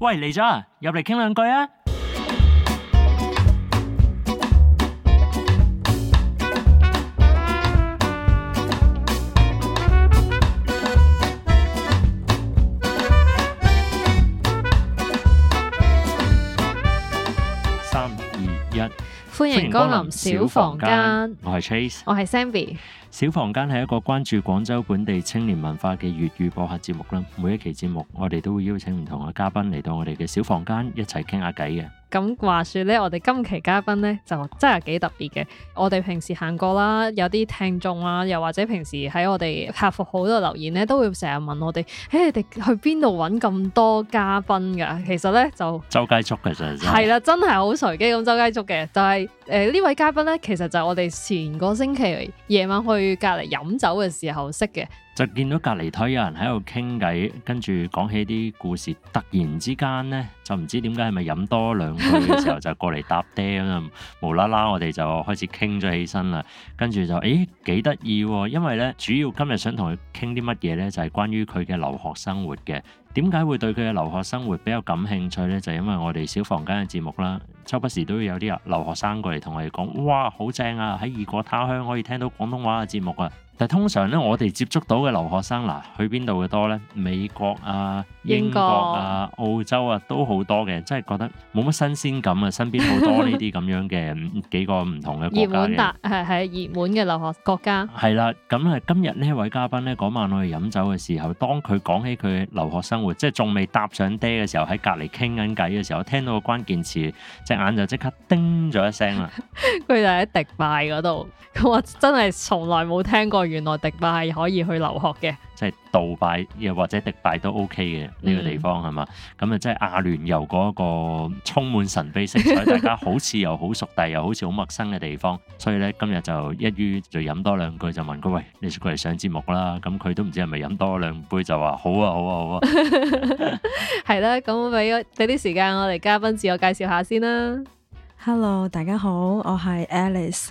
喂，嚟咗啊！入嚟傾兩句啊！三二一，歡迎光臨小房間。我係 Trace，我係 Zenbi。小房間係一個關注廣州本地青年文化嘅粵語播客節目啦。每一期節目，我哋都會邀請唔同嘅嘉賓嚟到我哋嘅小房間一齊傾下偈嘅。咁話說咧，我哋今期嘉賓咧就真係幾特別嘅。我哋平時行過啦，有啲聽眾啊，又或者平時喺我哋客服好多留言咧，都會成日問我哋：誒、哎，你哋去邊度搵咁多嘉賓噶？其實咧就周街捉嘅，真係。係啦，真係好隨機咁周街捉嘅。就係誒呢位嘉賓咧，其實就係我哋前個星期夜晚去。隔籬飲酒嘅時候識嘅， 就見到隔籬台有人喺度傾偈，跟住講起啲故事，突然之間咧就唔知點解係咪飲多兩杯嘅時候就過嚟搭嗲咁樣， 無啦啦我哋就開始傾咗起身啦，跟住就誒幾得意，因為咧主要今日想同佢傾啲乜嘢咧，就係、是、關於佢嘅留學生活嘅。點解會對佢嘅留學生活比較感興趣呢？就係因為我哋小房間嘅節目啦，周不時都會有啲人留學生過嚟同我哋講，哇，好正啊！喺異國他鄉可以聽到廣東話嘅節目啊！但係通常咧，我哋接觸到嘅留學生嗱，去邊度嘅多咧？美國啊、英國啊、澳洲啊，都好多嘅，真係覺得冇乜新鮮感啊。 身邊好多呢啲咁樣嘅幾個唔同嘅國家，係係熱門嘅留學國家。係啦，咁啊，今日呢位嘉賓咧，嗰晚我哋飲酒嘅時候，當佢講起佢留學生活，即係仲未搭上爹嘅時候，喺隔離傾緊偈嘅時候，聽到個關鍵詞，隻眼就即刻叮咗一聲啦。佢 就喺迪拜嗰度，我真係從來冇聽過。原來迪拜可以去留學嘅，即係杜拜又或者迪拜都 OK 嘅呢、嗯、個地方係嘛？咁啊，即係阿聯酋嗰個充滿神秘色彩， 大家好似又好熟，但又好似好陌生嘅地方。所以咧，今日就一於就飲多兩句，就問佢：喂，你過嚟上節目啦？咁佢都唔知係咪飲多兩杯就，就話好啊，好啊，好啊。係、啊、啦，咁俾俾啲時間我哋嘉賓自我介紹下先啦。Hello，大家好，我係 Alice。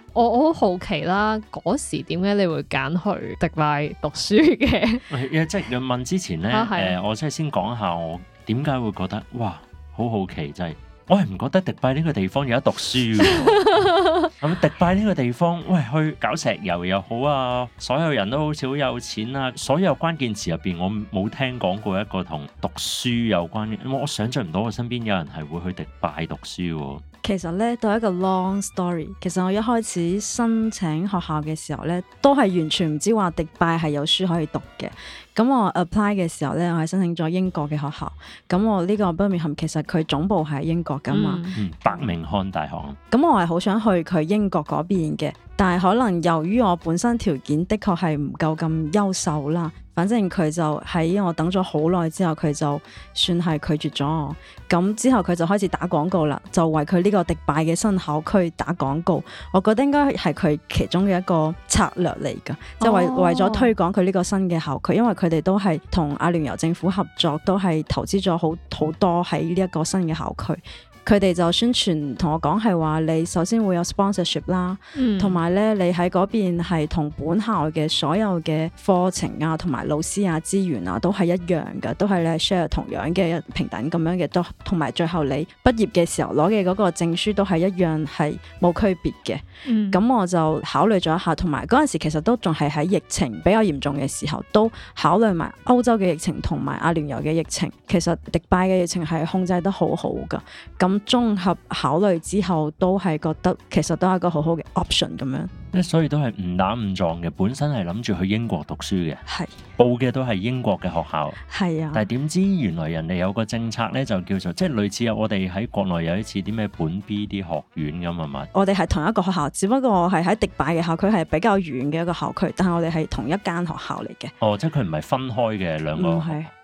我我好好奇啦，嗰時點解你會揀去迪拜讀書嘅？誒， 即係問之前咧，誒、啊呃，我即係先講下我點解會覺得哇，好好奇！即、就、係、是、我係唔覺得迪拜呢個地方有得讀書嘅。咁 迪拜呢個地方，喂，去搞石油又好啊，所有人都好似好有錢啊。所有關鍵詞入邊，我冇聽講過一個同讀書有關嘅。我想像唔到我身邊有人係會去迪拜讀書喎。其實咧，都係一個 long story。其實我一開始申請學校嘅時候咧，都係完全唔知話迪拜係有書可以讀嘅。咁我 apply 嘅時候咧，我係申請咗英國嘅學校。咁我呢個 Birmingham 其實佢總部係英國噶嘛，白明翰大學，咁我係好想去佢英國嗰邊嘅，但係可能由於我本身條件的確係唔夠咁優秀啦。反正佢就喺我等咗好耐之後，佢就算係拒絕咗我。咁之後佢就開始打廣告啦，就為佢呢個迪拜嘅新校區打廣告。我覺得應該係佢其中嘅一個策略嚟噶，即係為、哦、為咗推廣佢呢個新嘅校區，因為，佢哋都係同阿聯酋政府合作，都係投資咗好好多喺呢一個新嘅校區。佢哋就宣傳同我講，係話你首先會有 sponsorship 啦、嗯，同埋咧你喺嗰邊係同本校嘅所有嘅課程啊、同埋老師啊、資源啊都係一樣嘅，都係咧 share 同樣嘅一平等咁樣嘅，都同埋最後你畢業嘅時候攞嘅嗰個證書都係一樣係冇區別嘅。咁、嗯、我就考慮咗一下，同埋嗰陣時其實都仲係喺疫情比較嚴重嘅時候，都考慮埋歐洲嘅疫情同埋阿聯酋嘅疫情。其實迪拜嘅疫情係控制得好好噶。咁咁綜合考慮之後，都係覺得其實都係一個好好嘅 option 咁樣。所以都係誤打誤撞嘅，本身係諗住去英國讀書嘅，係的報嘅都係英國嘅學校，係啊的。但係點知原來人哋有個政策咧，就叫做即係類似我哋喺國內有一次啲咩本 B 啲學院咁啊嘛。我哋係同一個學校，只不過我係喺迪拜嘅校區，佢係比較遠嘅一個校區，但係我哋係同一間學校嚟嘅。哦，即係佢唔係分開嘅兩個。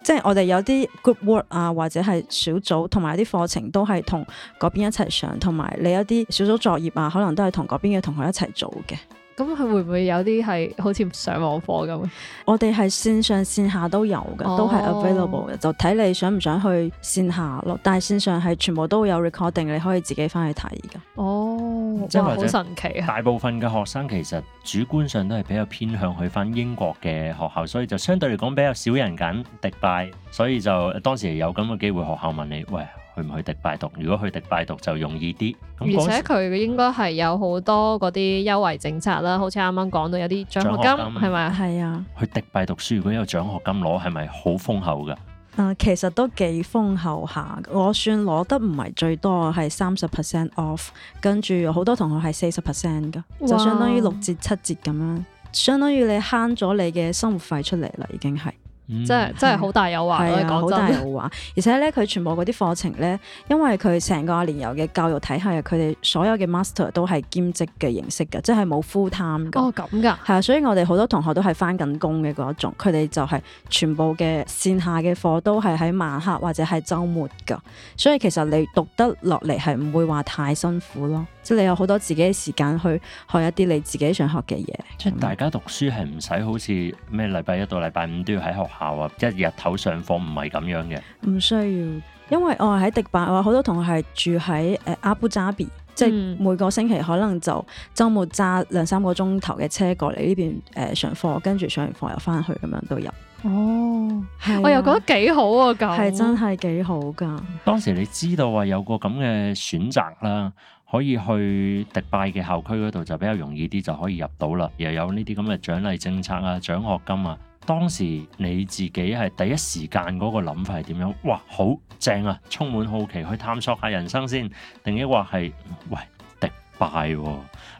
即係我哋有啲 group work 啊，或者係小組，同埋有啲課程都係同嗰邊一齊上，同埋你有啲小組作業啊，可能都係同嗰邊嘅同學一齊做嘅。咁佢會唔會有啲係好似上網課咁？我哋係線上線下都有嘅，哦、都係 available 嘅，就睇你想唔想去線下咯。但係線上係全部都會有 recording，你可以自己翻去睇噶。哦，真哇，好神奇啊！大部分嘅學生其實主觀上都係比較偏向去翻英國嘅學校，所以就相對嚟講比較少人揀迪拜。所以就當時有咁嘅機會，學校問你喂，去唔去迪拜讀？如果去迪拜讀就容易啲。那那，而且佢應該係有好多嗰啲優惠政策啦，好似啱啱講到有啲獎學金，係咪啊？係啊。去迪拜讀書，如果有獎學金攞，係咪好豐厚噶？啊、呃，其實都幾豐厚下。我算攞得唔係最多，係三十 percent off，跟住好多同學係四十 percent 噶，就相當於六折七折咁樣，相當於你慳咗你嘅生活費出嚟啦，已經係。嗯、即係是真係好大誘惑咯，好、嗯、大誘惑，而且咧佢全部嗰啲課程咧，因為佢成個阿聯酋嘅教育體系，佢哋所有嘅 master 都係兼職嘅形式噶，即係冇 full time 噶。哦，咁噶，係啊，所以我哋好多同學都係返緊工嘅嗰一種，佢哋就係全部嘅綫下嘅課都係喺晚黑或者係周末噶，所以其實你讀得落嚟係唔會話太辛苦咯，即係你有好多自己嘅時間去學一啲你自己想學嘅嘢。即大家讀書係唔使好似咩禮拜一到禮拜五都要喺學校。啊！即日頭上課唔係咁樣嘅，唔需要，因為我喺迪拜，我好多同學係住喺誒阿布扎比，嗯、即係每個星期可能就周末揸兩三個鐘頭嘅車過嚟呢邊誒上課，跟住上完課又翻去咁樣都有。哦，啊、我又覺得幾好啊，咁係真係幾好噶。當時你知道話有個咁嘅選擇啦，可以去迪拜嘅校區嗰度就比較容易啲就可以入到啦，又有呢啲咁嘅獎勵政策啊、獎學金啊。當時你自己係第一時間嗰個諗法係點樣？哇，好正啊！充滿好奇去探索下人生先，定抑或係喂迪拜呢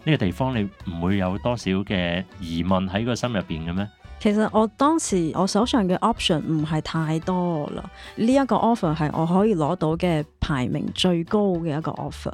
個地方，你唔會有多少嘅疑問喺個心入邊嘅咩？其實我當時我手上嘅 option 唔係太多啦，呢一個 offer 係我可以攞到嘅排名最高嘅一個 offer，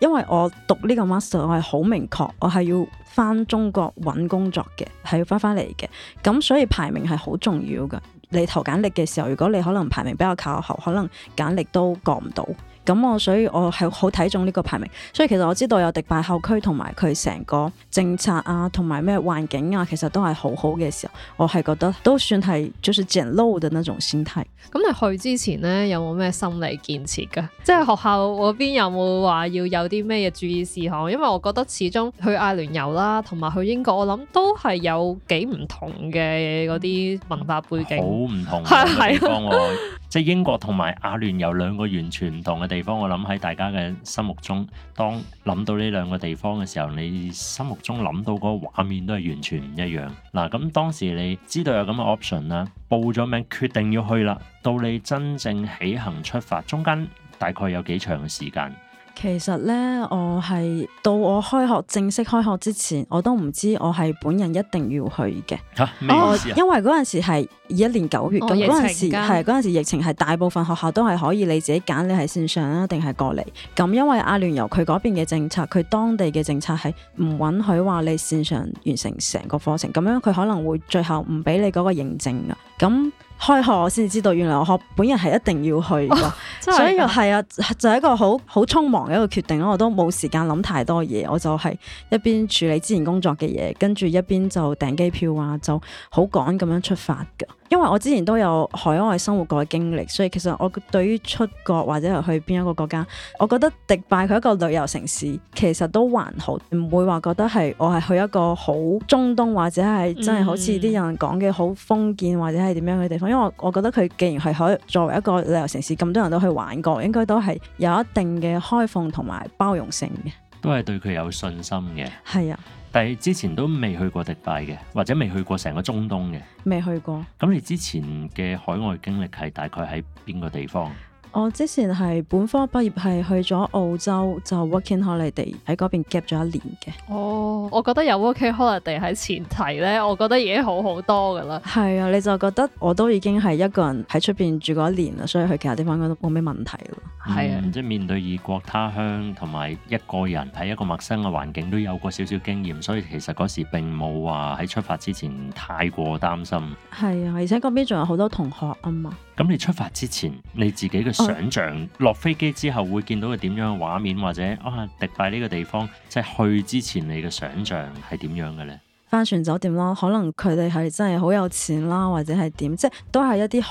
因為我讀呢個 master 我係好明確，我係要，翻中國揾工作嘅係要翻翻嚟嘅，咁所以排名係好重要嘅。你投簡歷嘅時候，如果你可能排名比較靠後，可能簡歷都過唔到。咁我、嗯、所以我係好睇重呢個排名，所以其實我知道有迪拜校區同埋佢成個政策啊，同埋咩環境啊，其實都係好好嘅時候，我係覺得都算係就是簡陋嘅嗰種心態。咁你去之前咧，有冇咩心理建設噶？即係學校嗰邊有冇話要有啲咩嘢注意事項？因為我覺得始終去阿聯酋啦，同埋去英國我諗都係有幾唔同嘅嗰啲文化背景，好唔同係、啊那個、地方喎、啊。 即係英國同埋阿聯酋兩個完全唔同嘅、啊。地方我諗喺大家嘅心目中，當諗到呢兩個地方嘅時候，你心目中諗到個畫面都係完全唔一樣。嗱、啊，咁當時你知道有咁嘅 option 啦，報咗名，決定要去啦，到你真正起行出發，中間大概有幾長嘅時間？其實咧，我係到我開學正式開學之前，我都唔知我係本人一定要去嘅。吓、哦，因為嗰陣時係二一年九月咁，嗰陣、哦、時係陣時疫情係大部分學校都係可以你自己揀，你係線上啊定係過嚟。咁因為阿聯酋佢嗰邊嘅政策，佢當地嘅政策係唔允許話你線上完成成個課程，咁樣佢可能會最後唔俾你嗰個認證噶。咁開學我先知道，原來我學本人係一定要去㗎，哦、所以又係啊，就係一個好好匆忙嘅一個決定咯。我都冇時間諗太多嘢，我就係一邊處理之前工作嘅嘢，跟住一邊就訂機票啊，就好趕咁樣出發㗎。因為我之前都有海外生活過嘅經歷，所以其實我對於出國或者係去邊一個國家，我覺得迪拜佢一個旅遊城市，其實都還好，唔會話覺得係我係去一個好中東或者係真係好似啲人講嘅好封建或者係點樣嘅地方。因為我覺得佢既然係可以作為一個旅遊城市，咁多人都去玩過，應該都係有一定嘅開放同埋包容性嘅，都係對佢有信心嘅。係啊。但係之前都未去過迪拜嘅，或者未去過成個中東嘅，未去過。咁你之前嘅海外經歷係大概喺邊個地方？我之前係本科畢業係去咗澳洲，就 working holiday 喺嗰邊 gap 咗一年嘅。哦，我覺得有 working holiday 喺前提咧，我覺得已經好好多㗎喇。係啊，你就覺得我都已經係一個人喺出邊住過一年啦，所以去其他地方都冇咩問題咯。係、嗯、啊，即係面對異國他鄉同埋一個人喺一個陌生嘅環境都有過少少經驗，所以其實嗰時並冇話喺出發之前太過擔心。係啊，而且嗰邊仲有好多同學啊嘛。咁你出發之前，你自己嘅想像、oh. 落飛機之後會見到個點樣嘅畫面，或者啊、oh, 迪拜呢個地方，即係去之前你嘅想像係點樣嘅咧？帆船酒店咯，可能佢哋係真係好有錢啦，或者係點，即都係一啲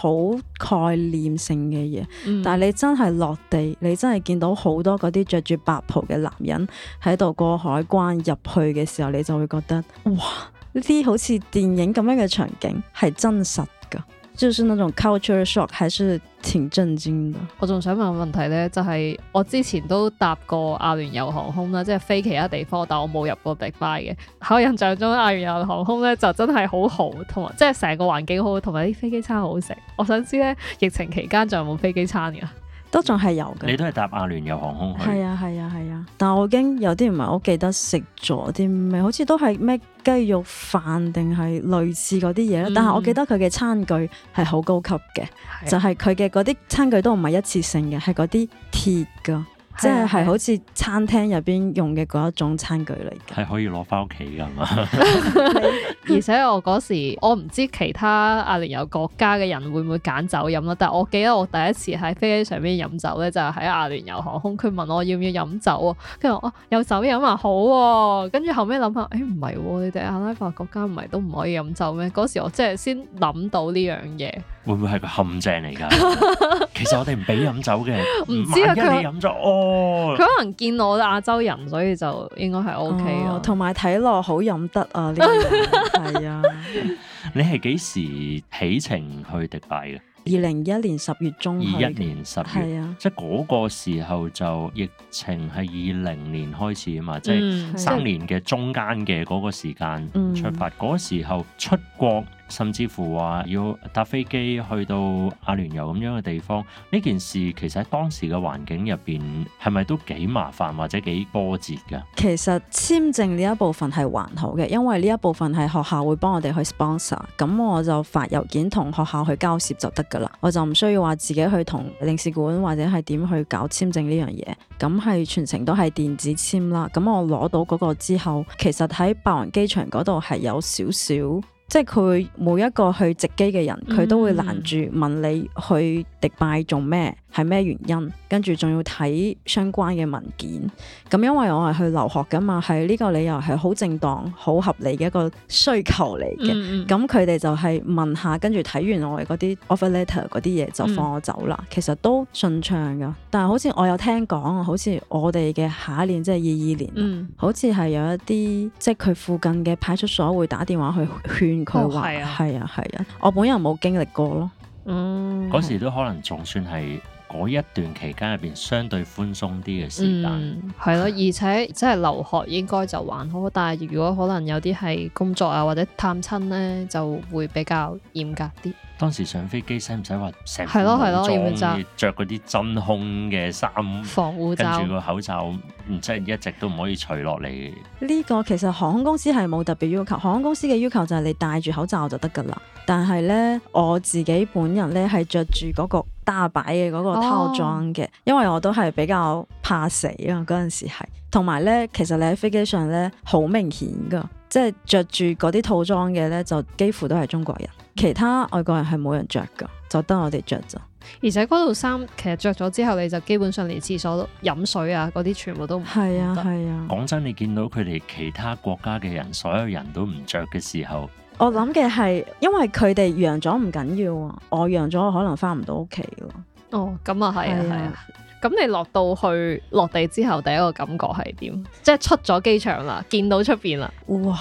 好概念性嘅嘢。Mm. 但係你真係落地，你真係見到好多嗰啲着住白袍嘅男人喺度過海關入去嘅時候，你就會覺得哇！呢啲好似電影咁樣嘅場景係真實噶。就是那種 culture shock，還是挺震驚的。我仲想問個問題咧，就係、是、我之前都搭過阿聯酋航空咧，即係飛其他地方，但我冇入過迪拜嘅。喺我印象中，阿聯酋航空咧就真係好好，同埋即係成個環境好好，同埋啲飛機餐好好食。我想知呢，疫情期間仲有冇飛機餐噶？都仲係有嘅，你都係搭阿聯酋航空去。係啊係啊係啊，但係我已經有啲唔係好記得食咗啲咩，好似都係咩雞肉飯定係類似嗰啲嘢啦。嗯、但係我記得佢嘅餐具係好高級嘅，啊、就係佢嘅嗰啲餐具都唔係一次性嘅，係嗰啲鐵嘅。即係係好似餐廳入邊用嘅嗰一種餐具嚟嘅，係可以攞翻屋企㗎嘛？ 而且我嗰時我唔知其他阿聯酋國家嘅人會唔會揀酒飲啦，但係我記得我第一次喺飛機上面飲酒咧，就係喺阿聯酋航空，佢問我要唔要飲酒啊，跟住我哦有酒飲咪好喎、啊，跟住後尾諗下，誒唔係喎，你哋阿拉伯國家唔係都唔可以飲酒咩？嗰時我即係先諗到呢樣嘢。會唔會係個陷阱嚟㗎？其實我哋唔俾飲酒嘅。唔知啊，佢飲咗哦。佢可能見我亞洲人，所以就應該係 OK 咯。同埋睇落好飲得啊！呢個係啊。你係幾時起程去迪拜嘅？二零一年十月中。二一年十月，即係嗰個時候就疫情係二零年開始啊嘛，即係三年嘅中間嘅嗰個時間出發。嗰時候出國。甚至乎話要搭飛機去到阿聯酋咁樣嘅地方，呢件事其實喺當時嘅環境入邊係咪都幾麻煩或者幾波折㗎？其實簽證呢一部分係還好嘅，因為呢一部分係學校會幫我哋去 sponsor，咁我就發郵件同學校去交涉就得㗎啦。我就唔需要話自己去同領事館或者係點去搞簽證呢樣嘢。咁係全程都係電子簽啦。咁我攞到嗰個之後，其實喺白雲機場嗰度係有少少。即係佢每一個去值機嘅人，佢、嗯嗯、都會攔住問你去迪拜做咩，係咩、嗯嗯、原因，跟住仲要睇相關嘅文件。咁因為我係去留學嘅嘛，係呢個理由係好正當好合理嘅一個需求嚟嘅。咁佢哋就係問下，跟住睇完我哋嗰啲 offer letter 嗰啲嘢，就放我走啦。嗯、其實都順暢噶，但係好似我有聽講好似我哋嘅下一年即係二二年，嗯、好似係有一啲即係佢附近嘅派出所會打電話去勸。佢話係啊係啊，啊，啊，我本人冇經歷過咯。嗯，嗰、嗯、時都可能仲算係。嗰一段期間入邊相對寬鬆啲嘅時間、嗯，係咯，而且真係留學應該就還好， 但係如果可能有啲係工作啊或者探親呢，就會比較嚴格啲。當時上飛機使唔使話成半個鐘要著嗰啲真空嘅衫，防護罩跟住個口罩，唔，即係一直都唔可以除落嚟。呢個其實航空公司係冇特別要求，航空公司嘅要求就係你戴住口罩就得㗎啦。但係咧，我自己本人咧係着住嗰個大擺嘅嗰個套裝嘅，oh. 因為我都係比較怕死啊嗰陣時係，同埋咧，其實你喺飛機上咧好明顯噶，即係着住嗰啲套裝嘅咧就幾乎都係中國人，其他外國人係冇人着噶，就得我哋着咋。而且嗰套衫其實着咗之後，你就基本上連廁所都、飲水啊嗰啲全部都唔係啊係啊。講、啊、真，你見到佢哋其他國家嘅人，所有人都唔着嘅時候。我諗嘅係，因為佢哋揚咗唔緊要啊，我揚咗可能翻唔到屋企咯。哦，咁啊係啊係啊。咁你落到去落地之後，第一個感覺係點？即係出咗機場啦，見到出邊啦，哇！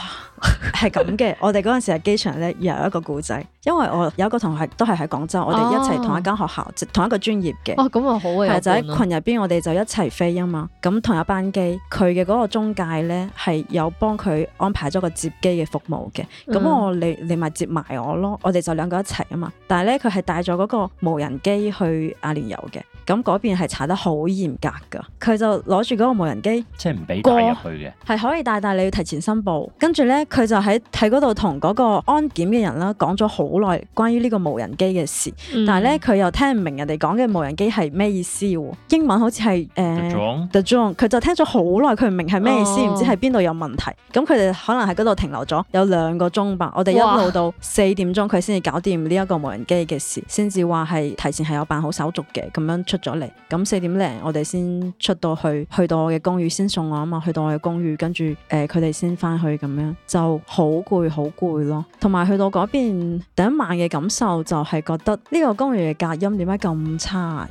係咁嘅。 我哋嗰陣時喺機場咧，又有一個故仔，因為我有一個同學都係喺廣州，我哋一齊同一間學校，啊、同一個專業嘅。哦，咁啊好啊，係、啊啊、就喺群入邊，我哋就一齊飛啊嘛。咁同一班機，佢嘅嗰個中介咧係有幫佢安排咗個接機嘅服務嘅。咁我你你咪接埋我咯，我哋就兩個一齊啊嘛。但係咧，佢係帶咗嗰個無人機去阿聯酋嘅。咁嗰邊係查得好嚴格噶，佢就攞住嗰個無人機，即係唔俾帶入去嘅，係可以帶，但你要提前申報。跟住咧，佢就喺喺嗰度同嗰個安檢嘅人啦，講咗好耐關於呢個無人機嘅事。但係咧，佢又聽唔明人哋講嘅無人機係咩意思？英文好似係誒，The drone，佢就聽咗好耐，佢唔明係咩意思，唔、oh. 知係邊度有問題。咁佢哋可能喺嗰度停留咗有兩個鐘吧。我哋一路到四點鐘，佢先至搞掂呢一個無人機嘅事，先至話係提前係有辦好手續嘅，咁樣出。咗嚟，咁四點零我哋先出到去，去到我嘅公寓先送我啊嘛，去到我嘅公寓，跟住誒佢哋先返去咁樣，就好攰好攰咯。同埋去到嗰邊第一晚嘅感受，就係覺得呢個公寓嘅隔音點解咁差啊？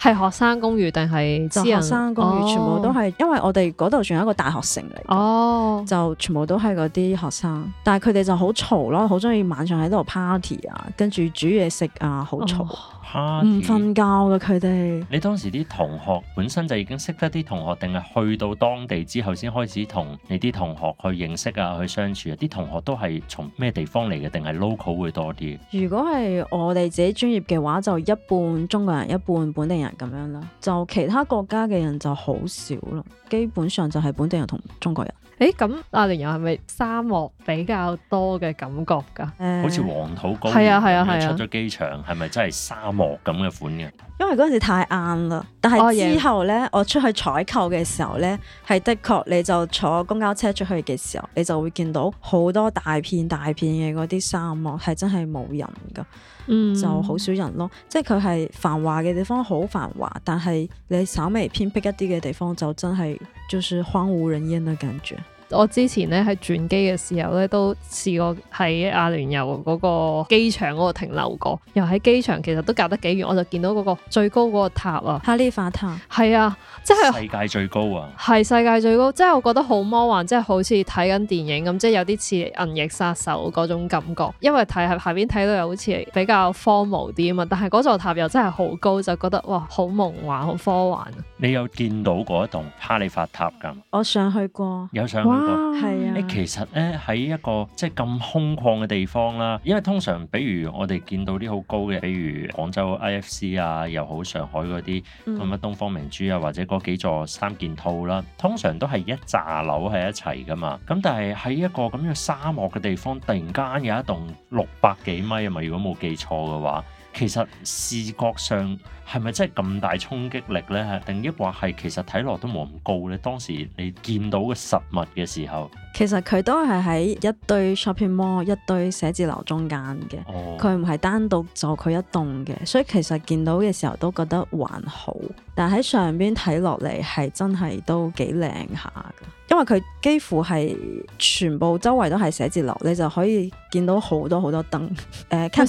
係 學生公寓定係私人？就學生公寓，全部都係，oh. 因為我哋嗰度仲有一個大學城嚟，哦，oh. 就全部都係嗰啲學生，但係佢哋就好嘈咯，好中意晚上喺度 party 啊，跟住煮嘢食啊，好嘈。Oh. 唔瞓覺㗎佢哋。Party? 你當時啲同學本身就已經識得啲同學，定係去到當地之後先開始同你啲同學去認識啊，去相處啊？啲同學都係從咩地方嚟嘅？定係 local 會多啲？如果係我哋自己專業嘅話，就一半中國人，一半本地人咁樣咯。就其他國家嘅人就好少咯，基本上就係本地人同中國人。誒，咁阿聯酋係咪沙漠比較多嘅感覺噶？好似黃土高原咁，你出咗機場係咪真係沙漠咁嘅款嘅？因為嗰陣時太晏啦，但係之後呢，我出去採購嘅時候呢，係的確你就坐公交車出去嘅時候，你就會見到好多大片大片嘅嗰啲沙漠，係真係冇人噶。 就好少人咯，即係佢係繁華嘅地方好繁華，但係你稍微偏僻一啲嘅地方就真係就是荒無人煙嘅感覺。我之前咧喺轉機嘅時候咧，都試過喺阿聯酋嗰個機場嗰個停留過，又喺機場其實都隔得幾遠，我就見到嗰個最高嗰個塔啊，哈利法塔，係啊，即係世界最高啊，係世界最高，即係我覺得好魔幻，即係好似睇緊電影咁，即係有啲似銀翼殺手嗰種感覺，因為睇下下邊睇到又好似比較荒謬啲啊嘛，但係嗰座塔又真係好高，就覺得哇好夢幻，好科幻啊！你有見到嗰棟哈利法塔㗎？我上去過，有上。係、哦、啊！誒，其實咧喺一個即係咁空曠嘅地方啦，因為通常，比如我哋見到啲好高嘅，比如廣州 IFC 啊，又好上海嗰啲咁啊，東方明珠啊，或者嗰幾座三件套啦，通常都係一紮樓喺一齊㗎嘛。咁但係喺一個咁樣沙漠嘅地方，突然間有一棟六百幾米啊嘛，如果冇記錯嘅話，其實視覺上。係咪真係咁大衝擊力呢？定抑或係其實睇落都冇咁高呢？當時你見到嘅實物嘅時候，其實佢都係喺一堆 shopping mall、一堆寫字樓中間嘅。佢唔係單獨就佢一棟嘅，所以其實見到嘅時候都覺得還好。但喺上邊睇落嚟係真係都幾靚下㗎，因為佢幾乎係全部周圍都係寫字樓，你就可以見到好多好多燈。誒、呃、是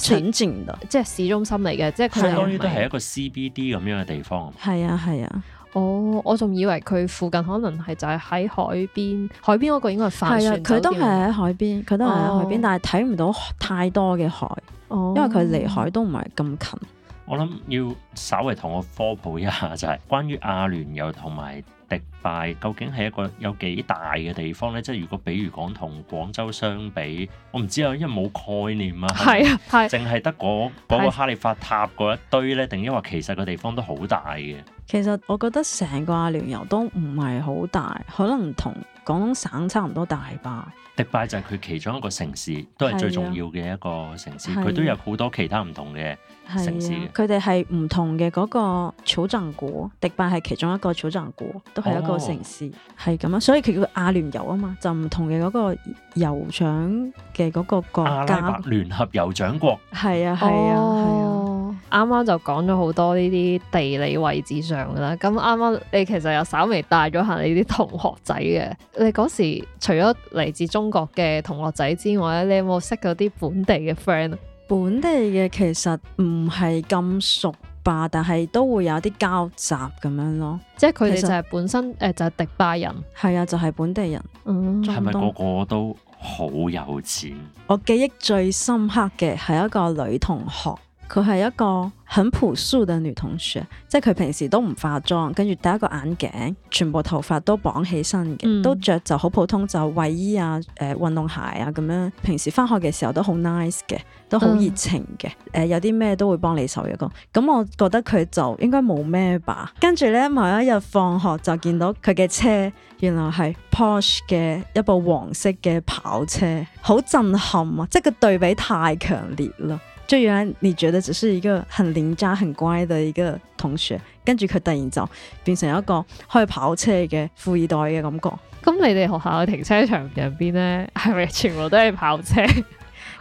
即係市中心嚟嘅，即係佢相當於都係一個、C B D 咁樣嘅地方，係啊，係啊，啊哦，我仲以為佢附近可能係就係喺海邊，海邊嗰個應該係帆船。係啊，佢都係喺海邊，佢、嗯、都係喺海邊，海邊哦、但係睇唔到太多嘅海，哦、因為佢離海都唔係咁近。我諗要稍微同我科普一下就係、是、關於阿聯酋同埋迪拜究竟係一個有幾大嘅地方呢？即係如果比如講同廣州相比，我唔知啊，因為冇概念啊，係啊，淨係得嗰嗰個哈利法塔嗰一堆呢，定抑或其實個地方都好大嘅。其實我覺得成個阿聯酋都唔係好大，可能同廣東省差唔多大吧。迪拜就係佢其中一個城市，都係最重要嘅一個城市。佢、啊、都有好多其他唔同嘅城市。佢哋係唔同嘅嗰個酋長國。啊、迪拜係其中一個酋長國，都係一個城市，係咁啊。所以佢叫阿聯酋啊嘛，就唔同嘅嗰個酋長嘅嗰個國家聯合酋長國。係啊，係啊，係啊。哦。啱啱就講咗好多呢啲地理位置上㗎啦，咁啱啱你其實又稍微帶咗下你啲同學仔嘅，你嗰時除咗嚟自中國嘅同學仔之外咧，你有冇識嗰啲本地嘅 friend 啊？本地嘅其實唔係咁熟吧，但係都會有啲交集咁樣咯。即係佢哋就係本身誒，實，呃，就係迪拜人，係啊，就係本地人。嗯，係咪個個都好有錢？嗯。我記憶最深刻嘅係一個女同學。佢係一個很樸素的女同學，即係佢平時都唔化妝，跟住戴一個眼鏡，全部頭髮都綁起身嘅，嗯、都着就好普通衣衣，就衛衣啊、誒運動鞋啊咁樣。平時返學嘅時候都好 nice 嘅，都好熱情嘅，誒、嗯呃、有啲咩都會幫你手一嘅。咁我覺得佢就應該冇咩吧。跟住咧，某一日放學就見到佢嘅車，原來係 Porsche 嘅一部黃色嘅跑車，好震撼啊！即係個對比太強烈啦。就原來你覺得只是一個很鄰家、很乖的一個同學，跟住佢突然就變成一個開跑車嘅富二代嘅感覺。咁你哋學校嘅停車場入邊呢，係咪全部都係跑車？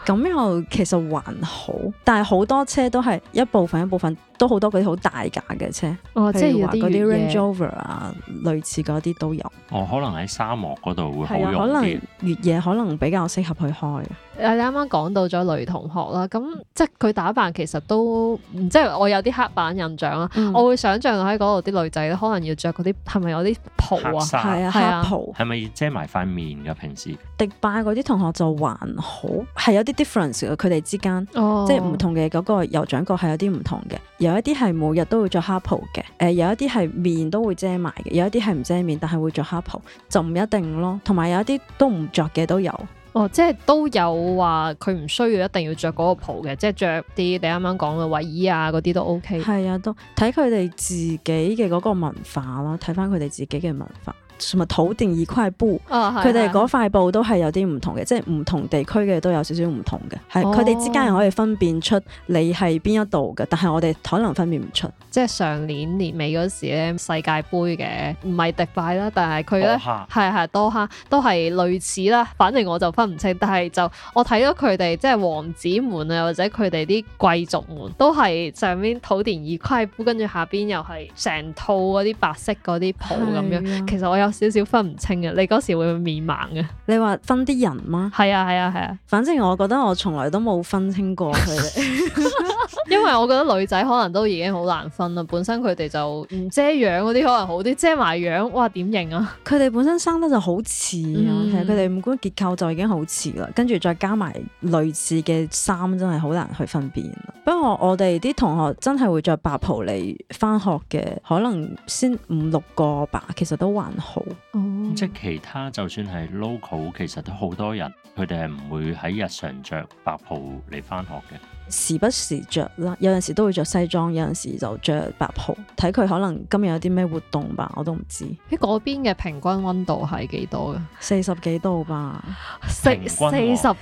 咁 又其實還好，但係好多車都係一部分一部分。都好多嗰啲好大架嘅車，即係話嗰啲 Range Rover 啊，類似嗰啲都有。哦，可能喺沙漠嗰度會好用、啊、可能越野可能比較適合去開。誒，你啱啱講到咗女同學啦，咁即係佢打扮其實都，即係我有啲黑板印象啦。嗯、我會想象喺嗰度啲女仔咧，可能要着嗰啲係咪有啲袍啊，係衣啊，黑袍，係咪、啊啊、要遮埋塊面㗎平時？迪拜嗰啲同學就還好，係有啲 difference 佢哋之間，即係唔、哦、同嘅嗰、嗰個酋長國係有啲唔同嘅。有一啲係每日都會着黑袍嘅，誒、呃、有一啲係面都會遮埋嘅，有一啲係唔遮面，但係會着黑袍就唔一定咯。同埋有，有一啲都唔着嘅都有，哦，即係都有話佢唔需要一定要着嗰個袍嘅，即係着啲你啱啱講嘅衛衣啊嗰啲都 OK。係啊，都睇佢哋自己嘅嗰個文化咯，睇翻佢哋自己嘅文化。同埋土田二塊布，佢哋嗰塊布都係有啲唔同嘅，即係唔同地區嘅都有少少唔同嘅，係佢哋之間可以分辨出你係邊一度嘅，但係我哋可能分辨唔出。即係上年年尾嗰時咧，世界盃嘅唔係迪拜啦，但係佢咧係係多哈都係類似啦。反正我就分唔清，但係就我睇到佢哋即係王子們啊，或者佢哋啲貴族們都係上面土田二塊布，跟住下邊又係成套嗰啲白色嗰啲袍咁樣。其實我有。有少少分唔清嘅，你嗰時會唔會面盲嘅？你話分啲人嗎？係啊係啊係啊！啊啊反正我覺得我從來都冇分清過佢哋。因為我覺得女仔可能都已經好難分啦，本身佢哋就唔遮樣嗰啲可能好啲，遮埋樣哇點認啊！佢哋本身生得就好似、啊，嗯、其實佢哋五官結構就已經好似啦，跟住再加埋類似嘅衫，真係好難去分辨。不過我哋啲同學真係會着白袍嚟翻學嘅，可能先五六個吧，其實都還好。哦，即係其他就算係 local，其實都好多人，佢哋係唔會喺日常着白袍嚟翻學嘅。時不時着啦，有陣時都會着西裝，有陣時就着白袍，睇佢可能今日有啲咩活動吧，我都唔知。喺嗰邊嘅平均溫度係幾多嘅？四十幾度吧，四、哦、四十。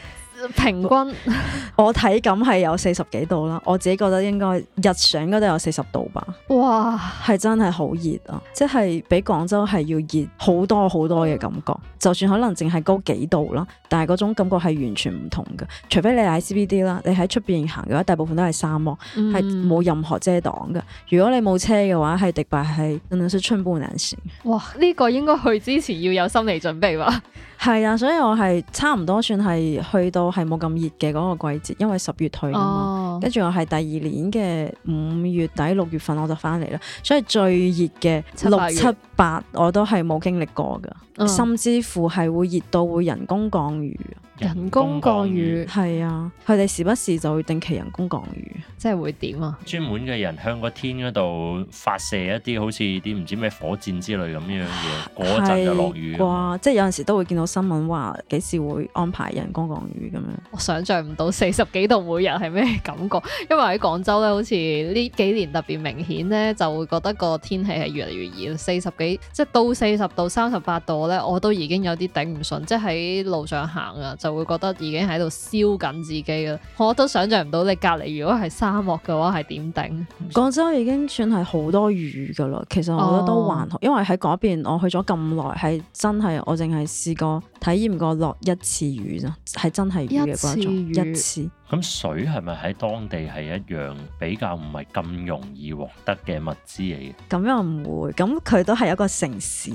平均 我體感係有四十幾度啦，我自己覺得應該日上應該都有四十度吧。哇，係真係好熱啊！即係比廣州係要熱好多好多嘅感覺。就算可能淨係高幾度啦，但係嗰種感覺係完全唔同嘅。除非你喺 CBD 啦，你喺出邊行嘅話，大部分都係沙漠，係冇、嗯、任何遮擋嘅。如果你冇車嘅話，喺迪拜係等緊說寸步難行。哇，呢、這個應該去之前要有心理準備吧。 係啊，所以我係差唔多算係去到係冇咁熱嘅嗰個季節，因為十月去啊嘛，跟住、哦、我係第二年嘅五月底六月份我就翻嚟啦，所以最熱嘅六七八我都係冇經歷過噶。嗯、甚至乎係會熱到會人工降雨，人工降雨，係啊，佢哋時不時就會定期人工降雨。即係會點啊？專門嘅人向嗰天嗰度發射一啲好似啲唔知咩火箭之類咁樣嘢。嗰陣就落雨。哇！即係有陣時都會見到新聞話幾時會安排人工降雨咁樣。我想象唔到四十幾度每日係咩感覺，因為喺廣州咧，好似呢幾年特別明顯咧，就會覺得個天氣係越嚟越熱。四十幾即係到四十度三十八度咧，我都已經有啲頂唔順，即係喺路上行啊，就會覺得已經喺度燒緊自己啦。我都想象唔到你隔籬如果係。沙漠嘅話係點頂？廣州已經算係好多雨㗎喇，其實我覺得都還好，oh. 因為喺嗰邊我去咗咁耐，係真係我淨係試過體驗過落一次雨咋，係真係雨嘅嗰種一次，一次。咁水係咪喺當地係一樣比較唔係咁容易獲得嘅物資嚟嘅？咁又唔會，咁佢都係一個城市，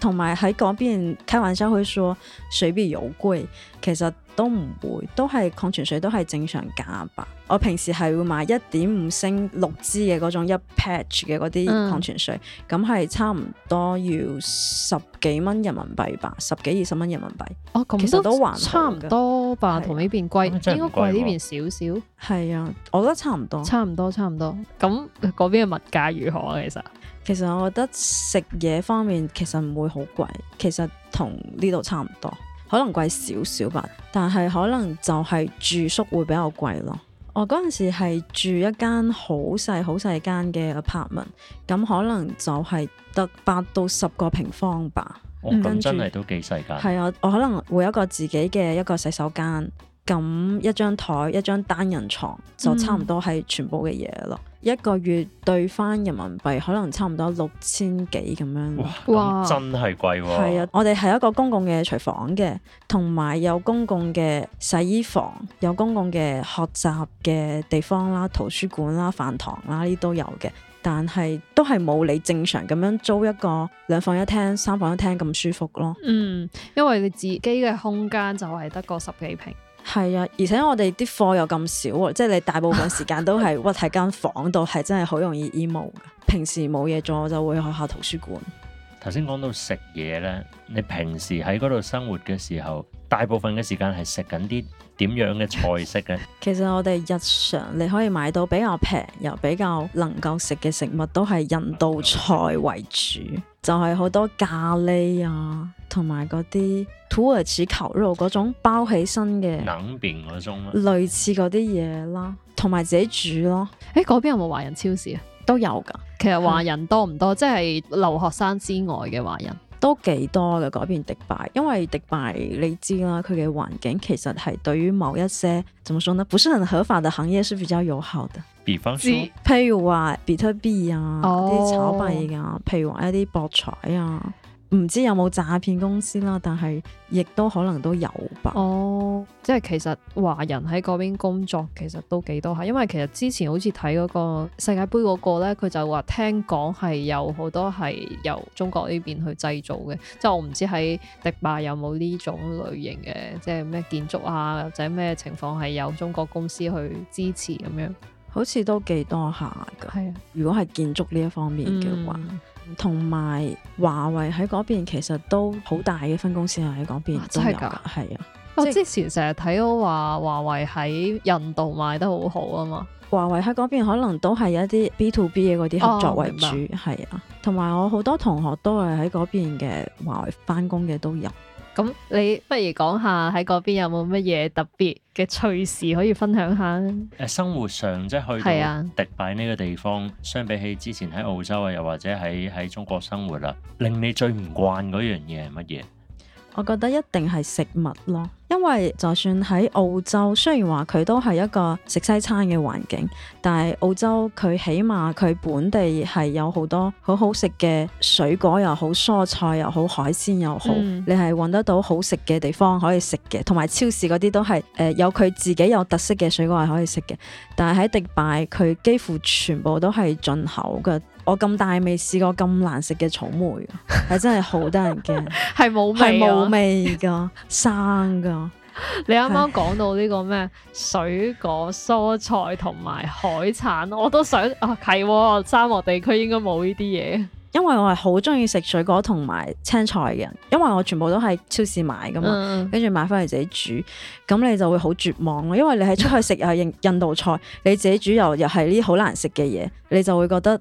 同埋喺嗰邊開玩笑去說水比油貴，其實都唔會，都係礦泉水都係正常價吧。我平時係會買星一點五升六支嘅嗰種一 pack 嘅嗰啲礦泉水，咁係、嗯、差唔多要十幾蚊人民幣吧，十幾二十蚊人民幣。哦，其實都差唔多吧，同呢邊貴，應該貴少少係啊，我覺得差唔多，差唔多，差唔多。咁嗰邊嘅物價如何啊？其實其實我覺得食嘢方面其實唔會好貴，其實同呢度差唔多，可能貴少少吧。但係可能就係住宿會比較貴咯。我嗰陣時係住一間好細好細間嘅 apartment，咁可能就係得八到十個平方吧。哦，咁真係都幾細間。係啊，我可能會有一個自己嘅一個洗手間。咁一張台、一張單人床，就差唔多係全部嘅嘢咯。嗯、一個月兌翻人民幣，可能差唔多六千幾咁樣。哇！哇，真係貴喎。係啊，我哋係一個公共嘅廚房嘅，同埋有公共嘅洗衣房、有公共嘅學習嘅地方啦、圖書館啦、飯堂啦呢都有嘅。但係都係冇你正常咁樣租一個兩房一廳、三房一廳咁舒服咯。嗯，因為你自己嘅空間就係得個十幾平。係啊，而且我哋啲課又咁少喎， 即係你大部分時間都係屈喺間房度，係 真係好容易 emo 嘅。平時冇嘢做，我就會去下圖書館。頭先講到食嘢呢，你平時喺嗰度生活嘅時候，大部分嘅時間係食緊啲。點樣嘅菜式咧？ 其實我哋日常你可以買到比較平又比較能夠食嘅食物，都係印度菜為主，就係好多咖喱啊，同埋嗰啲土耳其球肉嗰種包起身嘅冷餅嗰種，類似嗰啲嘢啦，同埋自己煮咯。誒、欸，嗰邊有冇華人超市啊？都有㗎。其實華人多唔多？ 即係留學生之外嘅華人。都幾多嘅，改變迪拜，因為迪拜你知啦，佢嘅環境其實係對於某一些，怎麼說呢？不是很合法嘅行業是比較友好的，比方說，譬如話比特幣啊，啲、oh. 炒幣啊，譬如話一啲博彩啊。唔知有冇詐騙公司啦，但係亦都可能都有吧。哦，oh, 即係其實華人喺嗰邊工作其實都幾多下，因為其實之前好似睇嗰個世界盃嗰個咧，佢就話聽講係有好多係由中國呢邊去製造嘅。即係我唔知喺迪拜有冇呢種類型嘅，即係咩建築啊，或者咩情況係有中國公司去支持咁樣。好似都幾多下嘅。係啊，如果係建築呢一方面嘅話。嗯同埋，華為喺嗰邊其實都好大嘅分公司喺嗰邊都有㗎，啊，真係㗎，係啊的！我之前成日睇到話華為喺印度賣得好好啊嘛，華為喺嗰邊可能都係有一啲 B to B 嘅嗰啲合作為主，係啊。同埋我好多同學都係喺嗰邊嘅華為返工嘅都有。咁你不如講下喺嗰邊有冇乜嘢特別嘅趣事可以分享下？生活上即係去迪拜呢個地方，啊、相比起之前喺澳洲啊，又或者喺喺中國生活啦，令你最唔慣嗰樣嘢係乜嘢？我覺得一定係食物咯，因為就算喺澳洲，雖然話佢都係一個食西餐嘅環境，但係澳洲佢起碼佢本地係有好多好好食嘅水果又好、蔬菜又好、海鮮又好，嗯、你係揾得到好食嘅地方可以食嘅，同埋超市嗰啲都係誒有佢自己有特色嘅水果係可以食嘅。但係喺迪拜，佢幾乎全部都係進口嘅。我咁大未試過咁難食嘅草莓，係 真係好得人驚，係冇 味，係冇味㗎， 生㗎的。你啱啱講到呢個咩 水果、蔬菜同埋海產，我都想啊，係、哦、沙漠地區應該冇呢啲嘢。因為我係好中意食水果同埋青菜嘅，因為我全部都係超市買㗎嘛，跟住、嗯、買翻嚟自己煮，咁你就會好絕望咯。因為你喺出去食又係印度菜，你自己煮又又係呢啲好難食嘅嘢，你就會覺得。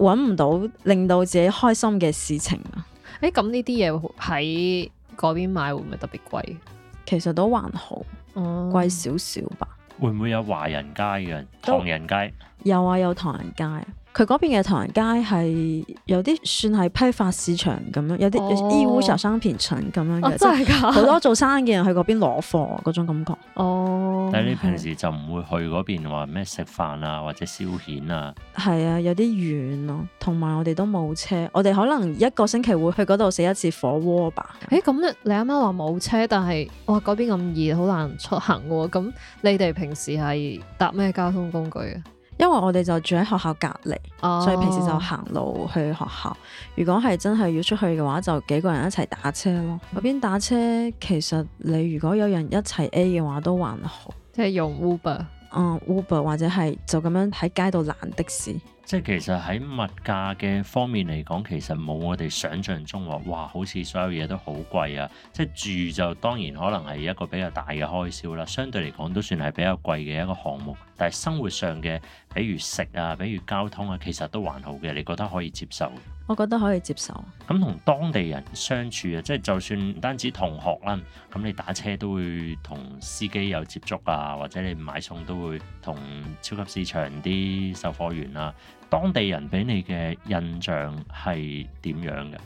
揾唔到令到自己開心嘅事情啊！誒、欸，咁呢啲嘢喺嗰邊買會唔會特別貴？其實都還好，嗯、貴少少吧。會唔會有華人街嘅唐人街？有啊都，有唐人街。佢嗰邊嘅唐人街係有啲算係批發市場咁樣，有啲義烏、潮生片場咁樣嘅，真係㗎，好多做生意嘅人去嗰邊攞貨嗰種感覺。哦，但係你平時就唔會去嗰邊話咩食飯啊，或者消遣啊？係啊，有啲遠咯、啊，同埋我哋都冇車，我哋可能一個星期會去嗰度食一次火鍋吧。誒、欸，咁你啱啱話冇車，但係哇，嗰邊咁易，好難出行喎。咁你哋平時係搭咩交通工具啊？因為我哋就住喺學校隔離，oh. 所以平時就行路去學校。如果係真係要出去嘅話，就幾個人一齊打車咯。嗰邊、嗯、打車其實你如果有人一齊 A 嘅話都還好，即係用 Uber。嗯，Uber 或者係就咁樣喺街度攔的士。即係其實喺物價嘅方面嚟講，其實冇我哋想象中，話哇！好似所有嘢都好貴啊。即係住就當然可能係一個比較大嘅開銷啦，相對嚟講都算係比較貴嘅一個項目。但係生活上嘅，比如食啊，比如交通啊，其實都還好嘅。你覺得可以接受？我覺得可以接受。咁同當地人相處啊，即係就算唔單止同學啦，咁你打車都會同司機有接觸啊，或者你買餸都會同超級市場啲售貨員啊，當地人俾你嘅印象係點樣嘅？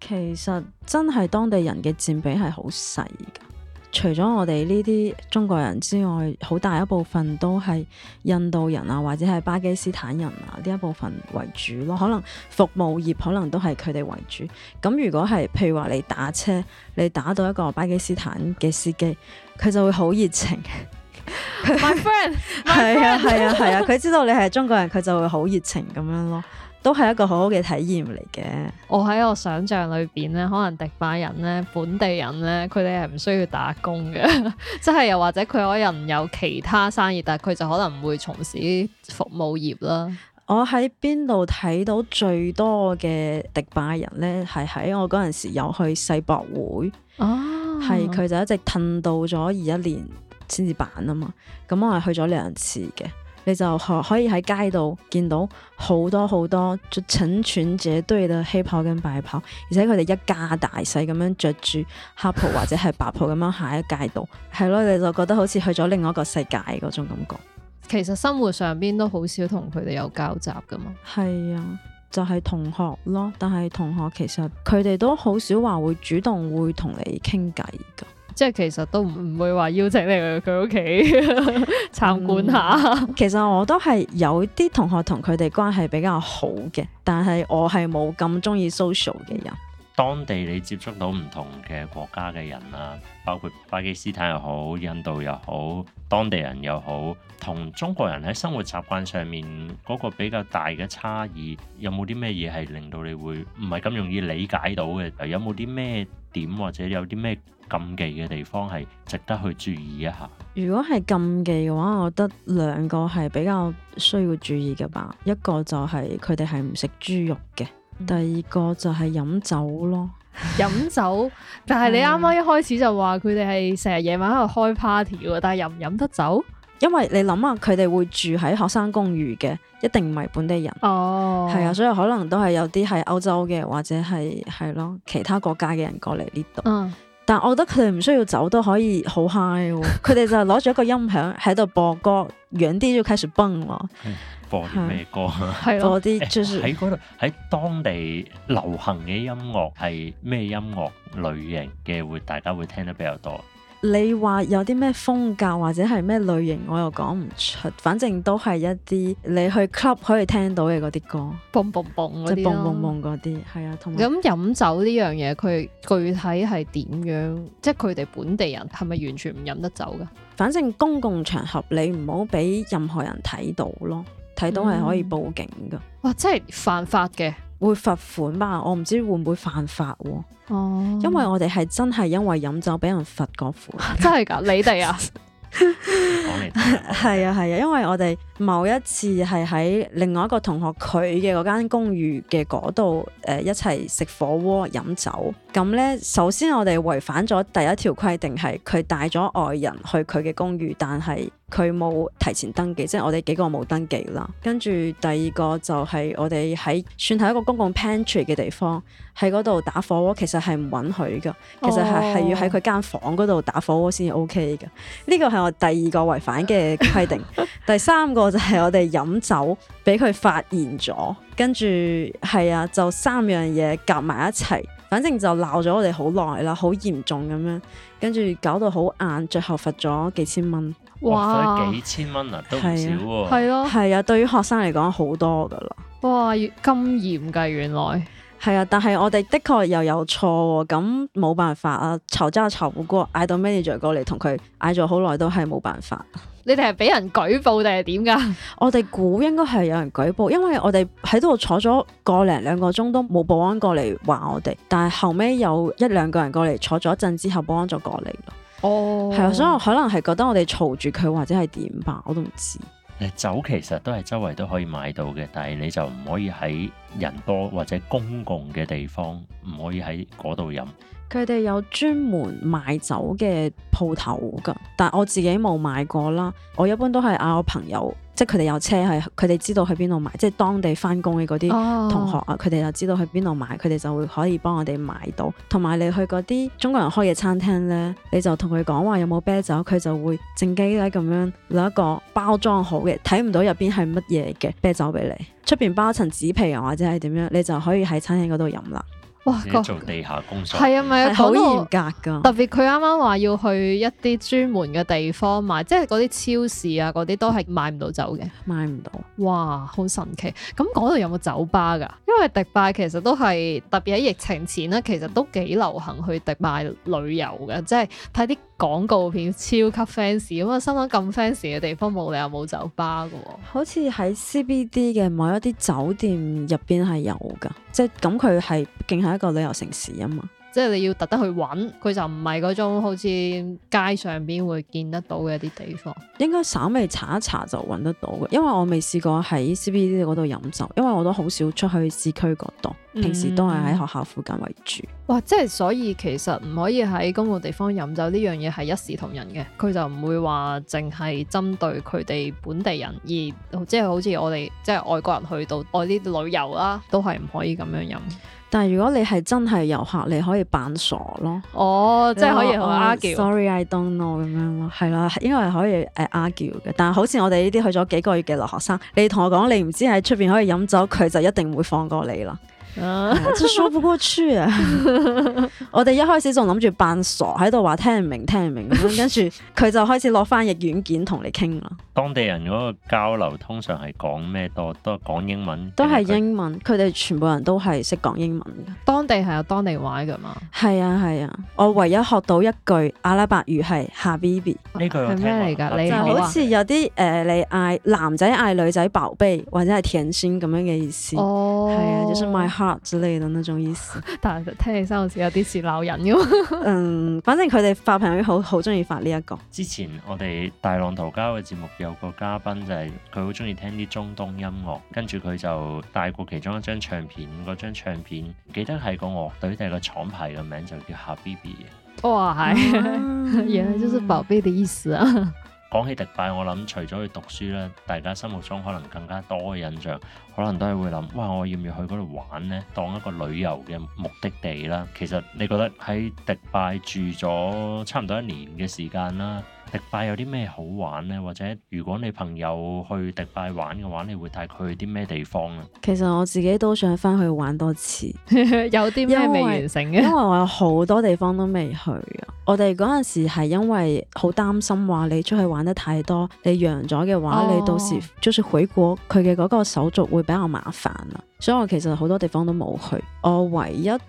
其實真係當地人嘅佔比係好細㗎。除咗我哋呢啲中國人之外，好大一部分都係印度人啊，或者係巴基斯坦人啊，呢一部分為主咯。可能服務業可能都係佢哋為主。咁如果係譬如話你打車，你打到一個巴基斯坦嘅司機，佢就會好熱情。 My friend，係啊係啊係啊，佢、啊啊啊、 知道你係中國人，佢就會好熱情咁樣咯。都係一個好好嘅體驗嚟嘅。我喺我想象裏邊咧，可能迪拜人咧、本地人咧，佢哋係唔需要打工嘅，即係又或者佢可能有其他生意，但係佢就可能唔會從事服務業啦。我喺邊度睇到最多嘅迪拜人咧，係喺我嗰陣時有去世博會啊，係佢就一直褪到咗二一年先至辦啊嘛。咁我係去咗兩次嘅。你就可以喺街度見到好多好多就成群結隊嘅黑袍跟白袍，而且佢哋一家大細咁樣着住黑袍或者係白袍咁樣行喺街度，係咯，你就覺得好似去咗另外一個世界嗰種感覺。其實生活上邊都好少同佢哋有交集噶嘛。係啊，就係同學咯，但係同學其實佢哋都好少話會主動會同你傾偈噶。即係其實都唔會話邀請你去佢屋企參觀一下、嗯。 其實我都係有啲同學同佢哋關係比較好嘅，但係我係冇咁鍾意 social 嘅人。當地你接觸到唔同嘅國家嘅人啦，包括巴基斯坦又好、印度又好、當地人又好，同中國人喺生活習慣上面嗰個比較大嘅差異，有冇啲咩嘢係令到你會唔係咁容易理解到嘅？有冇啲咩點，或者有啲咩禁忌嘅地方係值得去注意一下？如果係禁忌嘅話，我覺得兩個係比較需要注意嘅吧。一個就係佢哋係唔食豬肉嘅。第二個就係飲酒咯，飲 酒，但係你啱啱一開始就話佢哋係成日夜晚喺度開 party 喎，但係又唔飲得酒，因為你諗下佢哋會住喺學生公寓嘅，一定唔係本地人哦，係啊，所以可能都係有啲係歐洲嘅或者係係咯其他國家嘅人過嚟呢度，嗯、但係我覺得佢哋唔需要酒都可以好 high，佢哋就攞住一個音響喺度播歌，遠啲就開始蹦咯。嗯放啲咩歌？係我啲喺嗰度喺當地流行嘅音樂係咩音樂類型嘅？會大家會聽得比較多。你話有啲咩風格或者係咩類型，我又講唔出。反正都係一啲你去 club 可以聽到嘅嗰啲歌，boom boom boom 嗰啲，即係 boom boom 嗰啲，係啊。同咁飲酒呢樣嘢，佢具體係點樣？即係佢哋本地人係咪完全唔飲得酒嘅？反正公共場合你唔好俾任何人睇到咯。睇到係可以報警噶、嗯，哇！即係犯法嘅，會罰款吧？我唔知會唔會犯法喎。啊。哦、嗯，因為我哋係真係因為飲酒俾人罰過款。啊，真係噶，你哋 啊？係啊係啊，因為我哋某一次係喺另外一個同學佢嘅嗰間公寓嘅嗰度，誒，一齊食火鍋飲酒。咁呢，首先我哋違反咗第一條規定，係佢帶咗外人去佢嘅公寓，但係。佢冇提前登記，即係我哋幾個冇登記啦。跟住第二個就係我哋喺算係一個公共 pantry 嘅地方，喺嗰度打火鍋，其實係唔允許噶。其實係係要喺佢間房嗰度打火鍋先 OK 嘅。呢個係我第二個違反嘅規定。 第三個就係我哋飲酒俾佢發現咗，跟住係啊，就三樣嘢夾埋一齊，反正就鬧咗我哋好耐啦，好嚴重咁樣，跟住搞到好晏，最後罰咗幾千蚊。哇！哇幾千蚊啊，都唔少喎。係咯，係啊，對於學生嚟講好多噶啦。哇，咁嚴嘅原來係啊，但係我哋的確又有錯、啊，咁冇辦法啊，嘈炸嘈唔過，嗌到 manager 過嚟同佢嗌咗好耐，都係冇辦法、啊。你哋係俾人舉報定係點噶？ 我哋估應該係有人舉報，因為我哋喺度坐咗個零兩個鐘都冇保安過嚟話我哋，但係後尾有一兩個人過嚟坐咗一陣之後，保安就過嚟咯。哦，係啊，oh.，所以我可能係覺得我哋嘈住佢或者係點吧，我都唔知。酒其實都係周圍都可以買到嘅，但係你就唔可以喺人多或者公共嘅地方唔可以喺嗰度飲。佢哋有專門賣酒嘅鋪頭噶，但我自己冇買過啦，我一般都係嗌我朋友。即係佢哋有車去，佢哋知道去邊度買。即係當地翻工嘅嗰啲同學啊，佢哋、oh. 就知道去邊度買，佢哋就會可以幫我哋買到。同埋你去嗰啲中國人開嘅餐廳呢，你就同佢講話有冇啤酒，佢就會靜雞雞咁樣攞一個包裝好嘅，睇唔到入邊係乜嘢嘅啤酒俾你。出邊包一層紙皮啊，或者係點樣，你就可以喺餐廳嗰度飲啦。做地下工作係啊，咪啊，好嚴格㗎。特別佢啱啱話要去一啲專門嘅地方買，即係嗰啲超市啊，嗰啲都係買唔到酒嘅，買唔到。哇！好神奇。咁嗰度有冇酒吧㗎？因為迪拜其實都係特別喺疫情前咧，其實都幾流行去迪拜旅遊嘅，即係睇啲廣告片超級 fancy 咁啊，心諗咁 fancy 嘅地方冇理由冇酒吧噶喎。好似喺 CBD 嘅某一啲酒店入邊係有噶，即係咁佢係畢竟係一個旅遊城市啊嘛。即係你要特登去揾，佢就唔係嗰種好似街上邊會見得到嘅一啲地方。應該稍微查一查就揾得到嘅，因為我未試過喺 CBD 嗰度飲酒，因為我都好少出去市區嗰度，平時都係喺學校附近為主。嗯、哇！即係所以其實唔可以喺公共地方飲酒呢樣嘢係一視同仁嘅，佢就唔會話淨係針對佢哋本地人，而即係好似我哋即係外國人去到外啲旅遊啦，都係唔可以咁樣飲。但係如果你係真係遊客，你可以扮傻咯。哦，即係可以去 argue。Sorry, I don't know 咁、uh, 樣咯，係啦，應該係可以誒 argue 嘅。但係好似我哋呢啲去咗幾個月嘅留學生，你同我講你唔知喺出邊可以飲酒，佢就一定唔會放過你啦。啊，真說不過去啊！我哋一開始仲諗住扮傻喺度話聽唔明聽唔明咁 跟住佢就開始落翻譯軟件同你傾咯。當地人嗰個交流通常係講咩多？都係講英文。都係英文，佢哋 全部人都係識講英文嘅。當地係有當地話噶嘛？係啊係啊，我唯一學到一句阿拉伯語係 habibi。呢句係咩嚟噶？你就好似有啲誒，你嗌男仔嗌女仔寶貝或者係甜心咁樣嘅意思。哦，係啊，就是之類嘅那種意思，但係聽起身好似有啲似鬧人咁。嗯，反正佢哋發朋友圈好好中意發呢一個。之前我哋大浪淘沙嘅節目有個嘉賓就係佢好中意聽啲中東音樂，跟住佢就帶過其中一張唱片，嗰張唱片記得係個樂隊定係個廠牌嘅名就叫哈比比。哇，係原來就是寶貝的意思啊！講起迪拜，我諗除咗去讀書呢，大家心目中可能更加多嘅印象，可能都係會諗：哇，我要唔要去嗰度玩呢？當一個旅遊嘅目的地啦。其實你覺得喺迪拜住咗差唔多一年嘅時間啦。迪拜有啲咩好玩呢？或者如果你朋友去迪拜玩嘅話，你會帶佢去啲咩地方啊？其實我自己都想翻去玩多次， 有啲咩什為未完成嘅？因為我有好多地方都未去啊！我哋嗰陣時係因為好擔心話你出去玩得太多，你陽咗嘅話，哦、你到時就算回國佢嘅嗰個手續會比較麻煩啊。所以我其實好多地方都冇去，我唯一算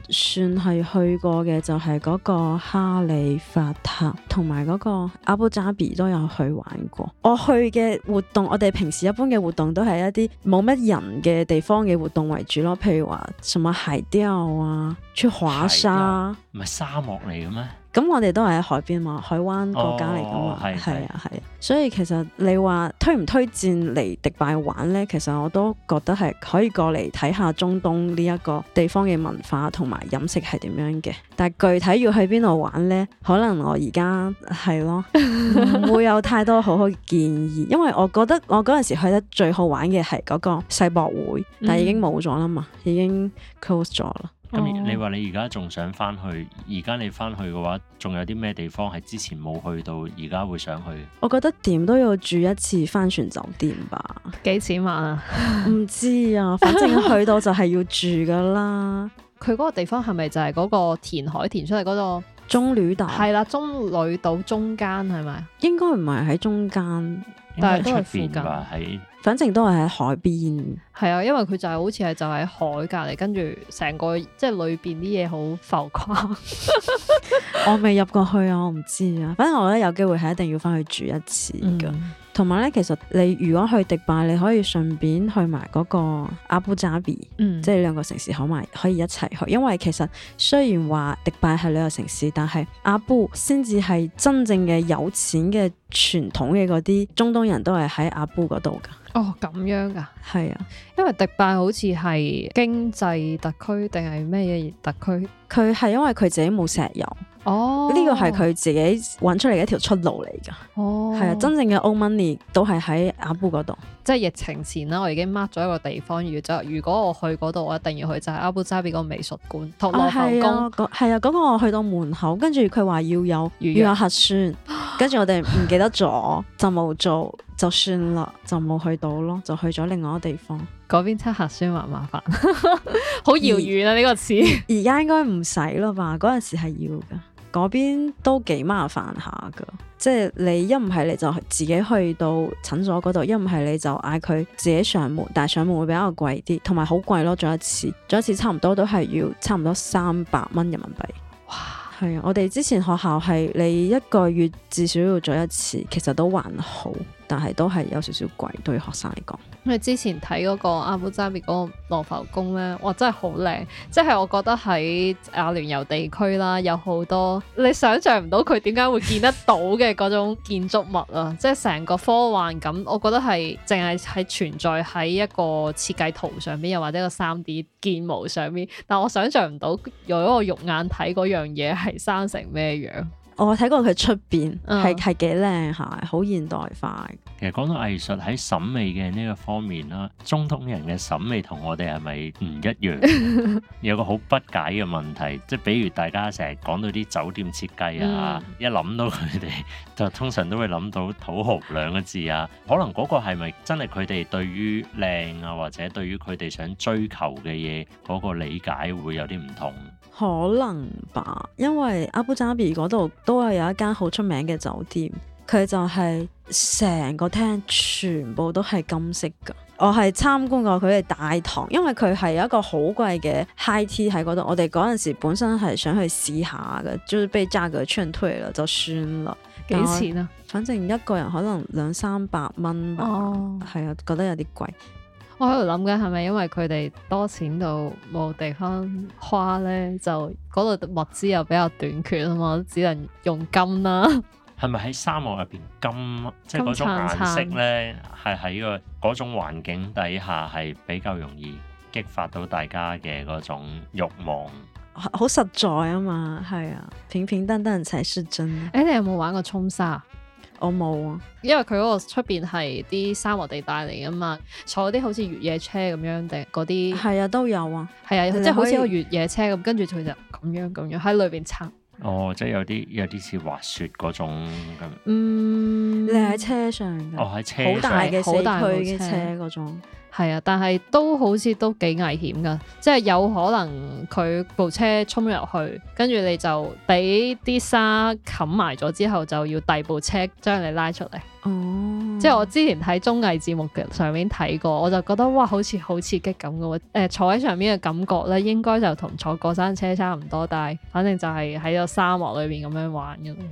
係去過嘅就係嗰個哈利法塔，同埋嗰個阿布扎比都有去玩過。我去嘅活動，我哋平時一般嘅活動都係一啲冇乜人嘅地方嘅活動為主咯，譬如話什麼海釣啊，去滑沙，唔係沙漠嚟嘅咩？咁我哋都係喺海邊嘛，海灣國家嚟噶嘛，係、哦、啊係啊，所以其實你話推唔推薦嚟迪拜玩呢？其實我都覺得係可以過嚟睇下中東呢一個地方嘅文化同埋飲食係點樣嘅。但係具體要去邊度玩呢？可能我而家係咯，冇有太多好好建議， 因為我覺得我嗰陣時去得最好玩嘅係嗰個世博會，但係已經冇咗啦嘛，已經 close 咗啦。咁、嗯、你話你而家仲想翻去？而家你翻去嘅話，仲有啲咩地方係之前冇去到，而家會想去？我覺得點都要住一次帆船酒店吧。幾錢萬啊？唔 知啊，反正去到就係要住噶啦。佢嗰 個地方係咪就係嗰個填海填出嚟嗰、嗰個棕櫚島？係啦，棕櫚島中間係咪？應該唔係喺中間，中間但係都係附近。反正都係喺海邊，係啊，因為佢就係、是、好似係就喺海隔籬，跟住成個即係裏邊啲嘢，好浮誇。 我未入過去啊，我唔知啊。反正我覺得有機會係一定要翻去住一次噶。嗯同埋咧，其實你如果去迪拜，你可以順便去埋嗰個阿布扎比，嗯、即係兩個城市可埋可以一齊去。因為其實雖然話迪拜係旅遊城市，但係阿布先至係真正嘅有錢嘅傳統嘅嗰啲中東人都係喺阿布嗰度噶。哦，咁樣噶，係啊，啊因為迪拜好似係經濟特區定係咩嘢特區？佢係因為佢自己冇石油。哦，呢個係佢自己揾出嚟嘅一條出路嚟噶。哦，係啊，真正嘅 old money 都係喺阿布嗰度。即係疫情前啦，我已經 mark 咗一個地方。預咗。如果我去嗰度，我一定要去就係阿布扎比個美術館，羅浮宮。係啊，咁、啊啊嗰個、我去到門口，跟住佢話要有預約要有核酸，跟住 我哋唔記得咗，就冇做，就算啦，就冇去到咯，就去咗另外一個地方。嗰邊測核酸話麻煩， 好遙遠啊！呢個詞而家應該唔使啦吧？嗰陣時係要㗎。嗰邊都幾麻煩下噶，即係你一唔係你就自己去到診所嗰度，一唔係你就嗌佢自己上門，但係上門會比較貴啲，同埋好貴咯，做一次，做一次差唔多都係要差唔多三百蚊人民幣。哇，係啊，我哋之前學校係你一個月至少要做一次，其實都還好。但係都係有少少貴，對於學生嚟講。因為之前睇嗰個阿布扎比嗰個羅浮宮咧，哇，真係好靚！即係我覺得喺阿聯酋地區啦，有好多你想象唔到佢點解會見得到嘅嗰種建築物啊！ 即係成個科幻感，我覺得係淨係喺存在喺一個設計圖上邊，又或者個三 D 建模上面，但我想象唔到用嗰個肉眼睇嗰樣嘢係生成咩樣。我睇、哦、過佢出邊，係係幾靚下，好現代化。其實講到藝術喺審美嘅呢個方面啦，中東人嘅審美同我哋係咪唔一樣？ 有個好不解嘅問題，即係比如大家成日講到啲酒店設計啊，嗯、一諗到佢哋就通常都會諗到土豪兩個字啊。可能嗰個係咪真係佢哋對於靚啊，或者對於佢哋想追求嘅嘢嗰個理解會有啲唔同？可能吧，因為阿布扎比嗰度都係有一間好出名嘅酒店，佢就係成個廳全部都係金色噶。我係參觀過佢哋大堂，因為佢係有一個好貴嘅 high tea 喺嗰度。我哋嗰陣時本身係想去試下嘅，就是被價格勸退了，就算啦。幾錢啊？反正一個人可能兩三百蚊吧。哦，係啊，覺得有啲貴。我喺度諗緊，係咪因為佢哋多錢到冇地方花咧？就嗰度物資又比較短缺啊嘛，只能用金啦。係咪喺沙漠入邊金？即係嗰種顏色咧，係喺個嗰種環境底下係比較容易激發到大家嘅嗰種慾望。好實在啊嘛，係 啊樂，平平淡淡才是真。誒，你有冇玩過衝沙？我冇啊，因為佢嗰個出邊係啲沙漠地帶嚟㗎嘛，坐啲好似越野車咁樣定嗰啲，係啊都有啊，係啊的，你 即係好似個越野車咁，跟住佢就咁樣咁樣喺裏邊擦。面哦，即係有啲有啲似滑雪嗰種咁。嗯，你喺車上㗎？哦，喺車,車，好大嘅，好大嘅車嗰係啊，但係都好似都幾危險噶即係有可能佢部車衝入去，跟住你就俾啲沙冚埋咗之後，就要第二部車將你拉出嚟。哦、嗯，即係我之前喺綜藝節目嘅上面睇過，我就覺得哇，好似好刺激咁嘅誒，坐喺上面嘅感覺咧，應該就同坐過山車差唔多，但係反正就係喺個沙漠裏邊咁樣玩嘅。嗯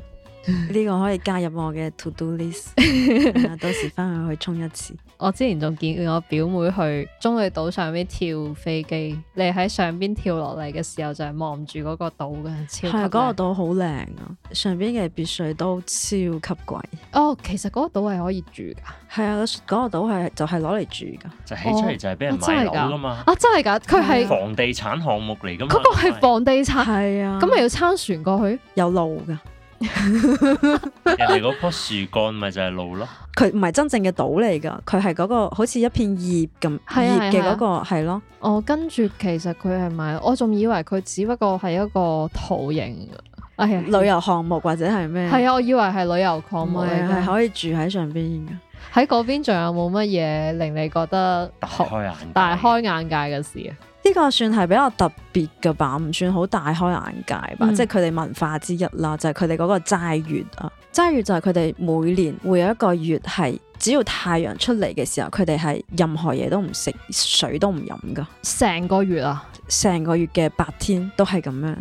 呢 個可以加入我嘅 to do list， 到時翻去去衝一次。 我之前仲見過我表妹去棕櫚島上邊跳飛機，你喺上邊跳落嚟嘅時候就係望住嗰個島嘅，係嗰、嗰個島好靚啊！上邊嘅別墅都超級貴。哦，其實嗰個島係可以住噶，係啊，嗰、嗰個島係就係攞嚟住噶，就起出嚟就係俾人買樓啊嘛。啊，真係噶，佢係、啊嗯、房地產項目嚟噶，嗰個係房地產，係嗎啊，咁咪要撐船過去，有路噶。 人哋嗰棵樹幹咪就係路咯，佢唔係真正嘅島嚟噶，佢係嗰個好似一片葉咁葉嘅嗰個係咯。哦、啊，啊、了我跟住其實佢係咪？我仲以為佢只不過係一個圖形，哎、旅遊項目或者係咩？係啊，我以為係旅遊項目，係、啊、可以住喺上邊噶。喺嗰邊仲有冇乜嘢令你覺得大開眼大開眼界嘅事啊？呢個算係比較特別嘅吧，唔算好大開眼界吧。嗯、即係佢哋文化之一啦，就係佢哋嗰個齋月啊。齋月就係佢哋每年會有一個月係，只要太陽出嚟嘅時候，佢哋係任何嘢都唔食，水都唔飲㗎。成個月啊，成個月嘅白天都係咁樣。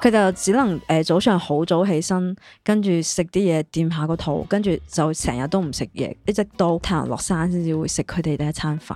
佢就只能誒、呃、早上好早起身，跟住食啲嘢掂下個肚，跟住就成日都唔食嘢，一直到太陽落山先至會食佢哋第一餐飯。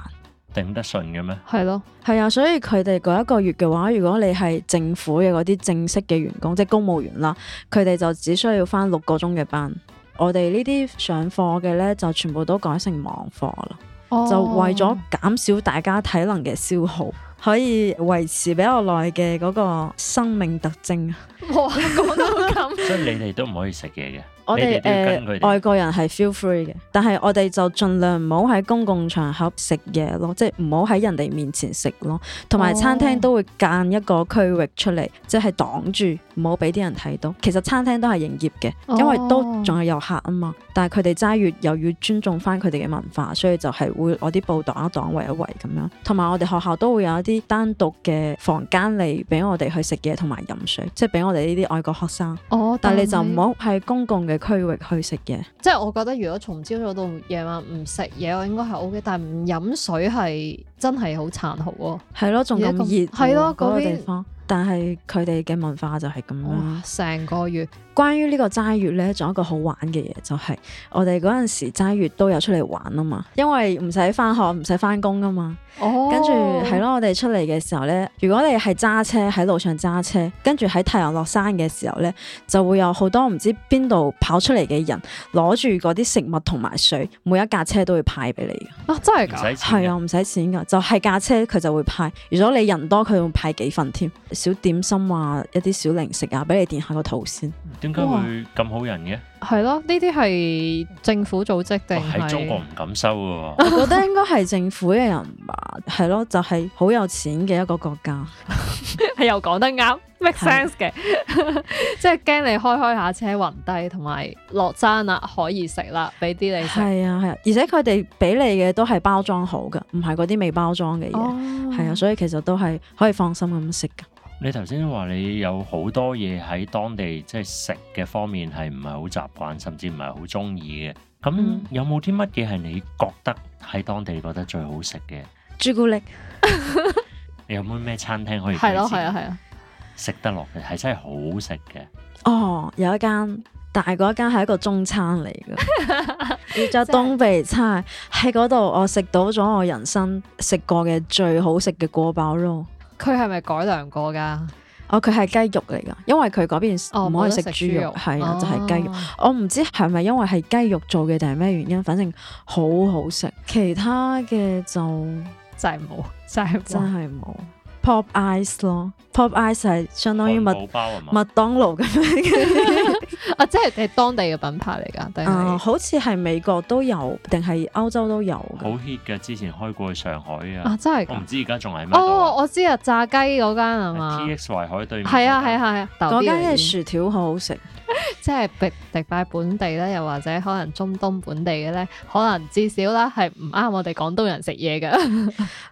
定得順嘅咩？係咯，係啊，所以佢哋嗰一個月嘅話，如果你係政府嘅嗰啲正式嘅員工，即係公務員啦，佢哋就只需要返六個鐘嘅班。我哋呢啲上課嘅呢，就全部都改成網課啦，oh. 就為咗減少大家體能嘅消耗，可以維持比較耐嘅嗰個生命特徵。冇啊，講到咁，所以你哋都唔可以食嘢嘅。我哋們誒、呃、外國人係 feel free 嘅，但係我哋就盡量唔好喺公共場合食嘢咯，即係唔好喺人哋面前食咯。同埋餐廳都會間一個區域出嚟，即係、哦、擋住，唔好俾啲人睇到。其實餐廳都係營業嘅，因為都仲係遊客啊嘛。但係佢哋齋越又要尊重翻佢哋嘅文化，所以就係會攞啲布擋一擋圍一圍咁樣。同埋我哋學校都會有一啲單獨嘅房間嚟俾我哋去食嘢同埋飲水，即係俾我。我哋呢啲外國學生，哦、但係你就唔好喺公共嘅區域去食嘢。即係我覺得，如果從朝早到夜晚唔食嘢，我應該係 OK。但係唔飲水係真係好殘酷咯、啊。係咯，仲咁熱、啊，係咯，嗰邊。但係佢哋嘅文化就係咁哇！成個月關於呢個齋月咧，仲有一個好玩嘅嘢，就係、是、我哋嗰陣時齋月都有出嚟玩啊嘛，因為唔使翻學，唔使翻工啊嘛。哦，跟住係咯，我哋出嚟嘅時候咧，如果你係揸車喺路上揸車，跟住喺太陽落山嘅時候咧，就會有好多唔知邊度跑出嚟嘅人攞住嗰啲食物同埋水，每一架車都會派俾你嘅。啊，真係噶？係啊，唔使錢噶，就係、是、架車佢就會派。如果你人多，佢會派幾份添。小點心啊，一啲小零食啊，俾你墊下個肚先。點解會咁好人嘅？係咯，呢啲係政府組織定係？哦、中國唔敢收噶、啊。我覺得應該係政府嘅人吧。係咯，就係、是、好有錢嘅一個國家。係 又講得啱 ，make sense 嘅。對 即係驚你開開車暈下車暈低，同埋落山啦，可以食啦，俾啲你食。係啊，係啊。而且佢哋俾你嘅都係包裝好噶，唔係嗰啲未包裝嘅嘢。係、哦、啊，所以其實都係可以放心咁食噶。你頭先話你有好多嘢喺當地即係食嘅方面係唔係好習慣，甚至唔係好中意嘅。咁有冇啲乜嘢係你覺得喺當地覺得最好食嘅？朱古力 你有冇咩餐廳可以推薦？係咯，係啊， 係啊，食得落嘅係真係好食嘅。哦，有一間，但係一間係一個中餐嚟嘅，叫做、 就是、東北菜，喺嗰度我食到咗我人生食過嘅最好食嘅過飽咯。佢係咪改良過㗎？哦，佢係雞肉嚟㗎，因為佢嗰邊唔可以食豬肉，係、哦、啊，就係、是、雞肉。我唔知係咪因為係雞肉做嘅定係咩原因，反正好好食。其他嘅就真係冇，真係真係冇。Pop Ice 咯，Pop Ice 係相當於麥包啊嘛，麥當勞咁樣， 啊，即係係當地嘅品牌嚟噶，定係、啊？好似係美國都有，定係歐洲都有。好 hit 嘅，之前開過去上海啊，真係！我唔知而家仲係咩？哦，我知啊，炸雞嗰間啊嘛，T X 淮海對面，係啊係係啊，嗰間嘅薯條好好食。 即係迪迪拜本地咧，又或者可能中東本地嘅咧，可能至少啦係唔啱我哋廣東人食嘢噶。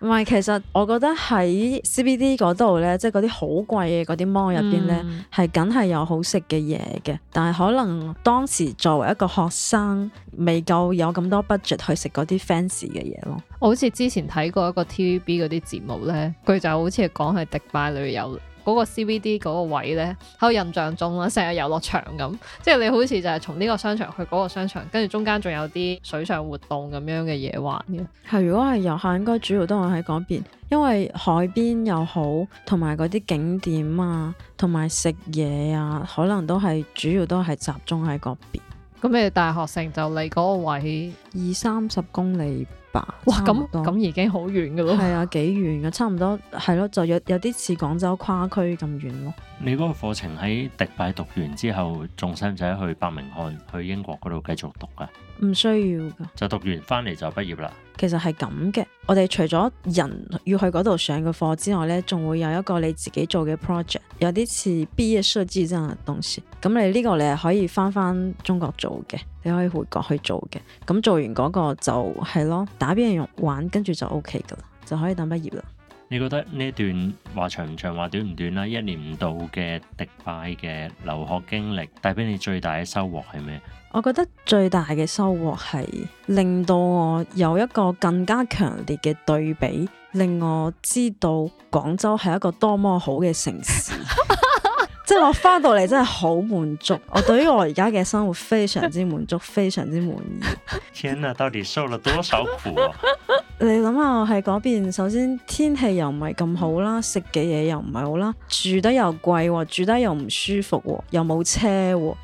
唔係，其實我覺得喺 CBD 嗰度咧，即係嗰啲好貴嘅嗰啲 mall 入邊咧，係梗係有好食嘅嘢嘅。但係可能當時作為一個學生，未夠有咁多 budget 去食嗰啲 fancy 嘅嘢咯。我好似之前睇過一個 TVB 嗰啲節目咧，佢就好似講係迪拜旅遊。嗰個 CBD 嗰個位呢，喺我印象中啦，成日遊樂場咁，即係你好似就係從呢個商場去嗰個商場，跟住中間仲有啲水上活動咁樣嘅嘢玩嘅。係，如果係遊客，應該主要都係喺嗰邊，因為海邊又好，同埋嗰啲景點啊，同埋食嘢啊，可能都係主要都係集中喺嗰邊。咁你大學城就離嗰個位二三十公里。哇，咁咁已經好遠噶咯，係啊， 幾遠噶，差唔多係咯，就有有啲似廣州跨區咁遠咯。你嗰個課程喺迪拜讀完之後，仲使唔使去伯明翰去英國嗰度繼續讀啊？唔需要噶，就讀完翻嚟就畢業啦。其實係咁嘅，我哋除咗人要去嗰度上個課之外呢仲會有一個你自己做嘅 project，有啲似畢業設計嘅東西。咁你呢個你係可以翻翻中國做嘅，你可以回國去做嘅。咁做完嗰個就係咯，打俾人用玩，跟住就 OK 噶啦，就可以等畢業啦。你覺得呢段話長唔長，話短唔短啦、啊？一年唔到嘅迪拜嘅留學經歷帶俾你最大嘅收穫係咩？我覺得最大嘅收穫係令到我有一個更加強烈嘅對比，令我知道廣州係一個多麼好嘅城市。 即係我翻到嚟真係好滿足，我對於我而家嘅生活非常之滿足，非常之滿意。天啊，到底受了多少苦啊？ 你諗下，我喺嗰邊，首先天氣又唔係咁好啦，食嘅嘢又唔係好啦，住得又貴，住得又唔舒服，又冇車，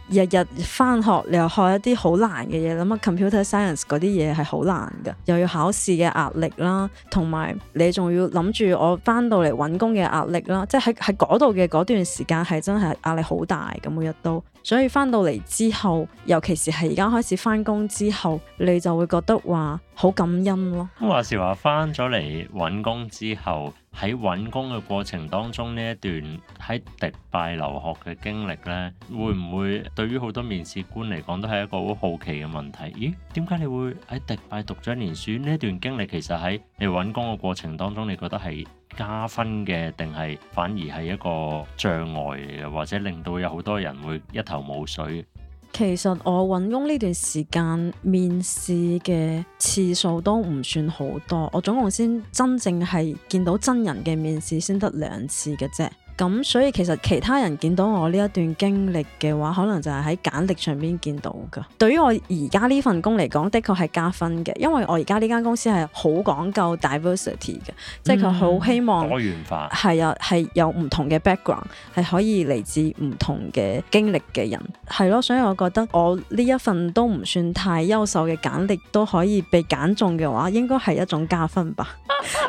日日翻學你又學一啲好難嘅嘢，諗下 computer science 嗰啲嘢係好難噶，又要考試嘅壓力啦，同埋你仲要諗住我翻到嚟搵工嘅壓力啦，即係喺喺嗰度嘅嗰段時間係真。係壓力好大咁，每日都，所以翻到嚟之後，尤其是係而家開始翻工之後，你就會覺得話好感恩咯。話時話翻咗嚟搵工之後。喺揾工嘅過程當中，呢一段喺迪拜留學嘅經歷呢，會唔會對於好多面試官嚟講都係一個好好奇嘅問題？咦，點解你會喺迪拜讀咗一年書？呢段經歷其實喺你揾工嘅過程當中，你覺得係加分嘅，定係反而係一個障礙嚟嘅，或者令到有好多人會一頭霧水？其實我揾工呢段時間，面試嘅次數都唔算好多，我總共先真正係見到真人嘅面試先得兩次嘅啫。咁所以其實其他人見到我呢一段經歷嘅話，可能就係喺簡歷上邊見到噶。對於我而家呢份工嚟講，的確係加分嘅，因為我而家呢間公司係好講究 diversity 嘅，嗯、即係佢好希望多元化係啊，係有唔同嘅 background，係可以嚟自唔同嘅經歷嘅人，係咯。所以我覺得我呢一份都唔算太優秀嘅簡歷都可以被揀中嘅話，應該係一種加分吧。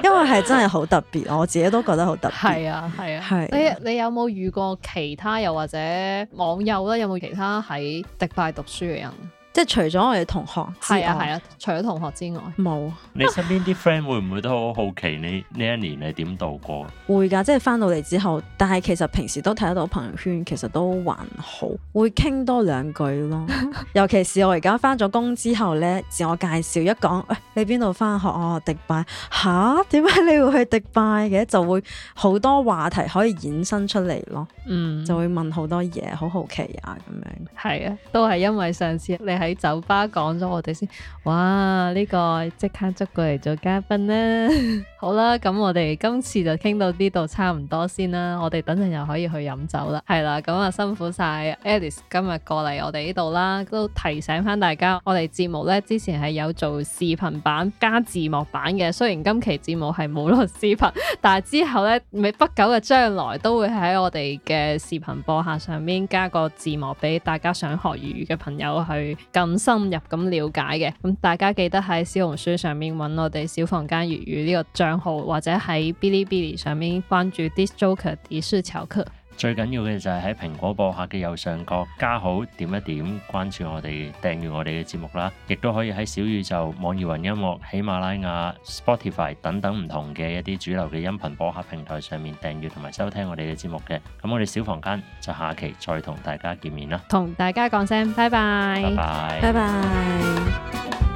因為係真係好特別，我自己都覺得好特別。係 啊，係啊，係。你你有冇遇過其他又或者網友咧？有冇其他喺迪拜讀書嘅人？即係除咗我哋同學，係啊係啊，除咗同學之外冇。你身邊啲 friend 會唔會都好好奇你呢一年你點度過？會㗎，即係翻到嚟之後，但係其實平時都睇得到朋友圈，其實都還好，會傾多兩句咯。尤其是我而家翻咗工之後咧， 自我介紹一講，誒、哎、你邊度翻學、哦、啊？迪拜吓，點解你會去迪拜嘅？就會好多話題可以衍生出嚟咯。嗯，就會問好多嘢，好好奇啊咁樣。係啊，都係因為上次你係。喺酒吧講咗我哋先，哇！呢個即刻捉過嚟做嘉賓啦。 好啦，咁我哋今次就傾到呢度差唔多先啦。我哋等陣又可以去飲酒啦。係啦，咁啊辛苦晒。Alice 今日過嚟我哋呢度啦，都提醒返大家，我哋節目呢，之前係有做視頻版加字幕版嘅。雖然今期節目係冇錄視頻，但係之後呢，未不久嘅將來都會喺我哋嘅視頻播客上面加個字幕俾大家想學粵語嘅朋友去。更深入咁了解嘅，咁、嗯、大家記得喺小紅書上面揾我哋小房間粵語呢個帳號，或者喺 Bilibili 上面關注 DISC JOKER 迪士喬克。最緊要嘅就係喺蘋果播客嘅右上角加號點一點，關注我哋，訂閱我哋嘅節目啦，亦都可以喺小宇宙、網易雲音樂、喜馬拉雅、Spotify 等等唔同嘅一啲主流嘅音頻播客平台上面訂閱同埋收聽我哋嘅節目嘅。咁我哋小房間就下期再同大家見面啦。同大家講聲拜拜。拜拜。拜拜。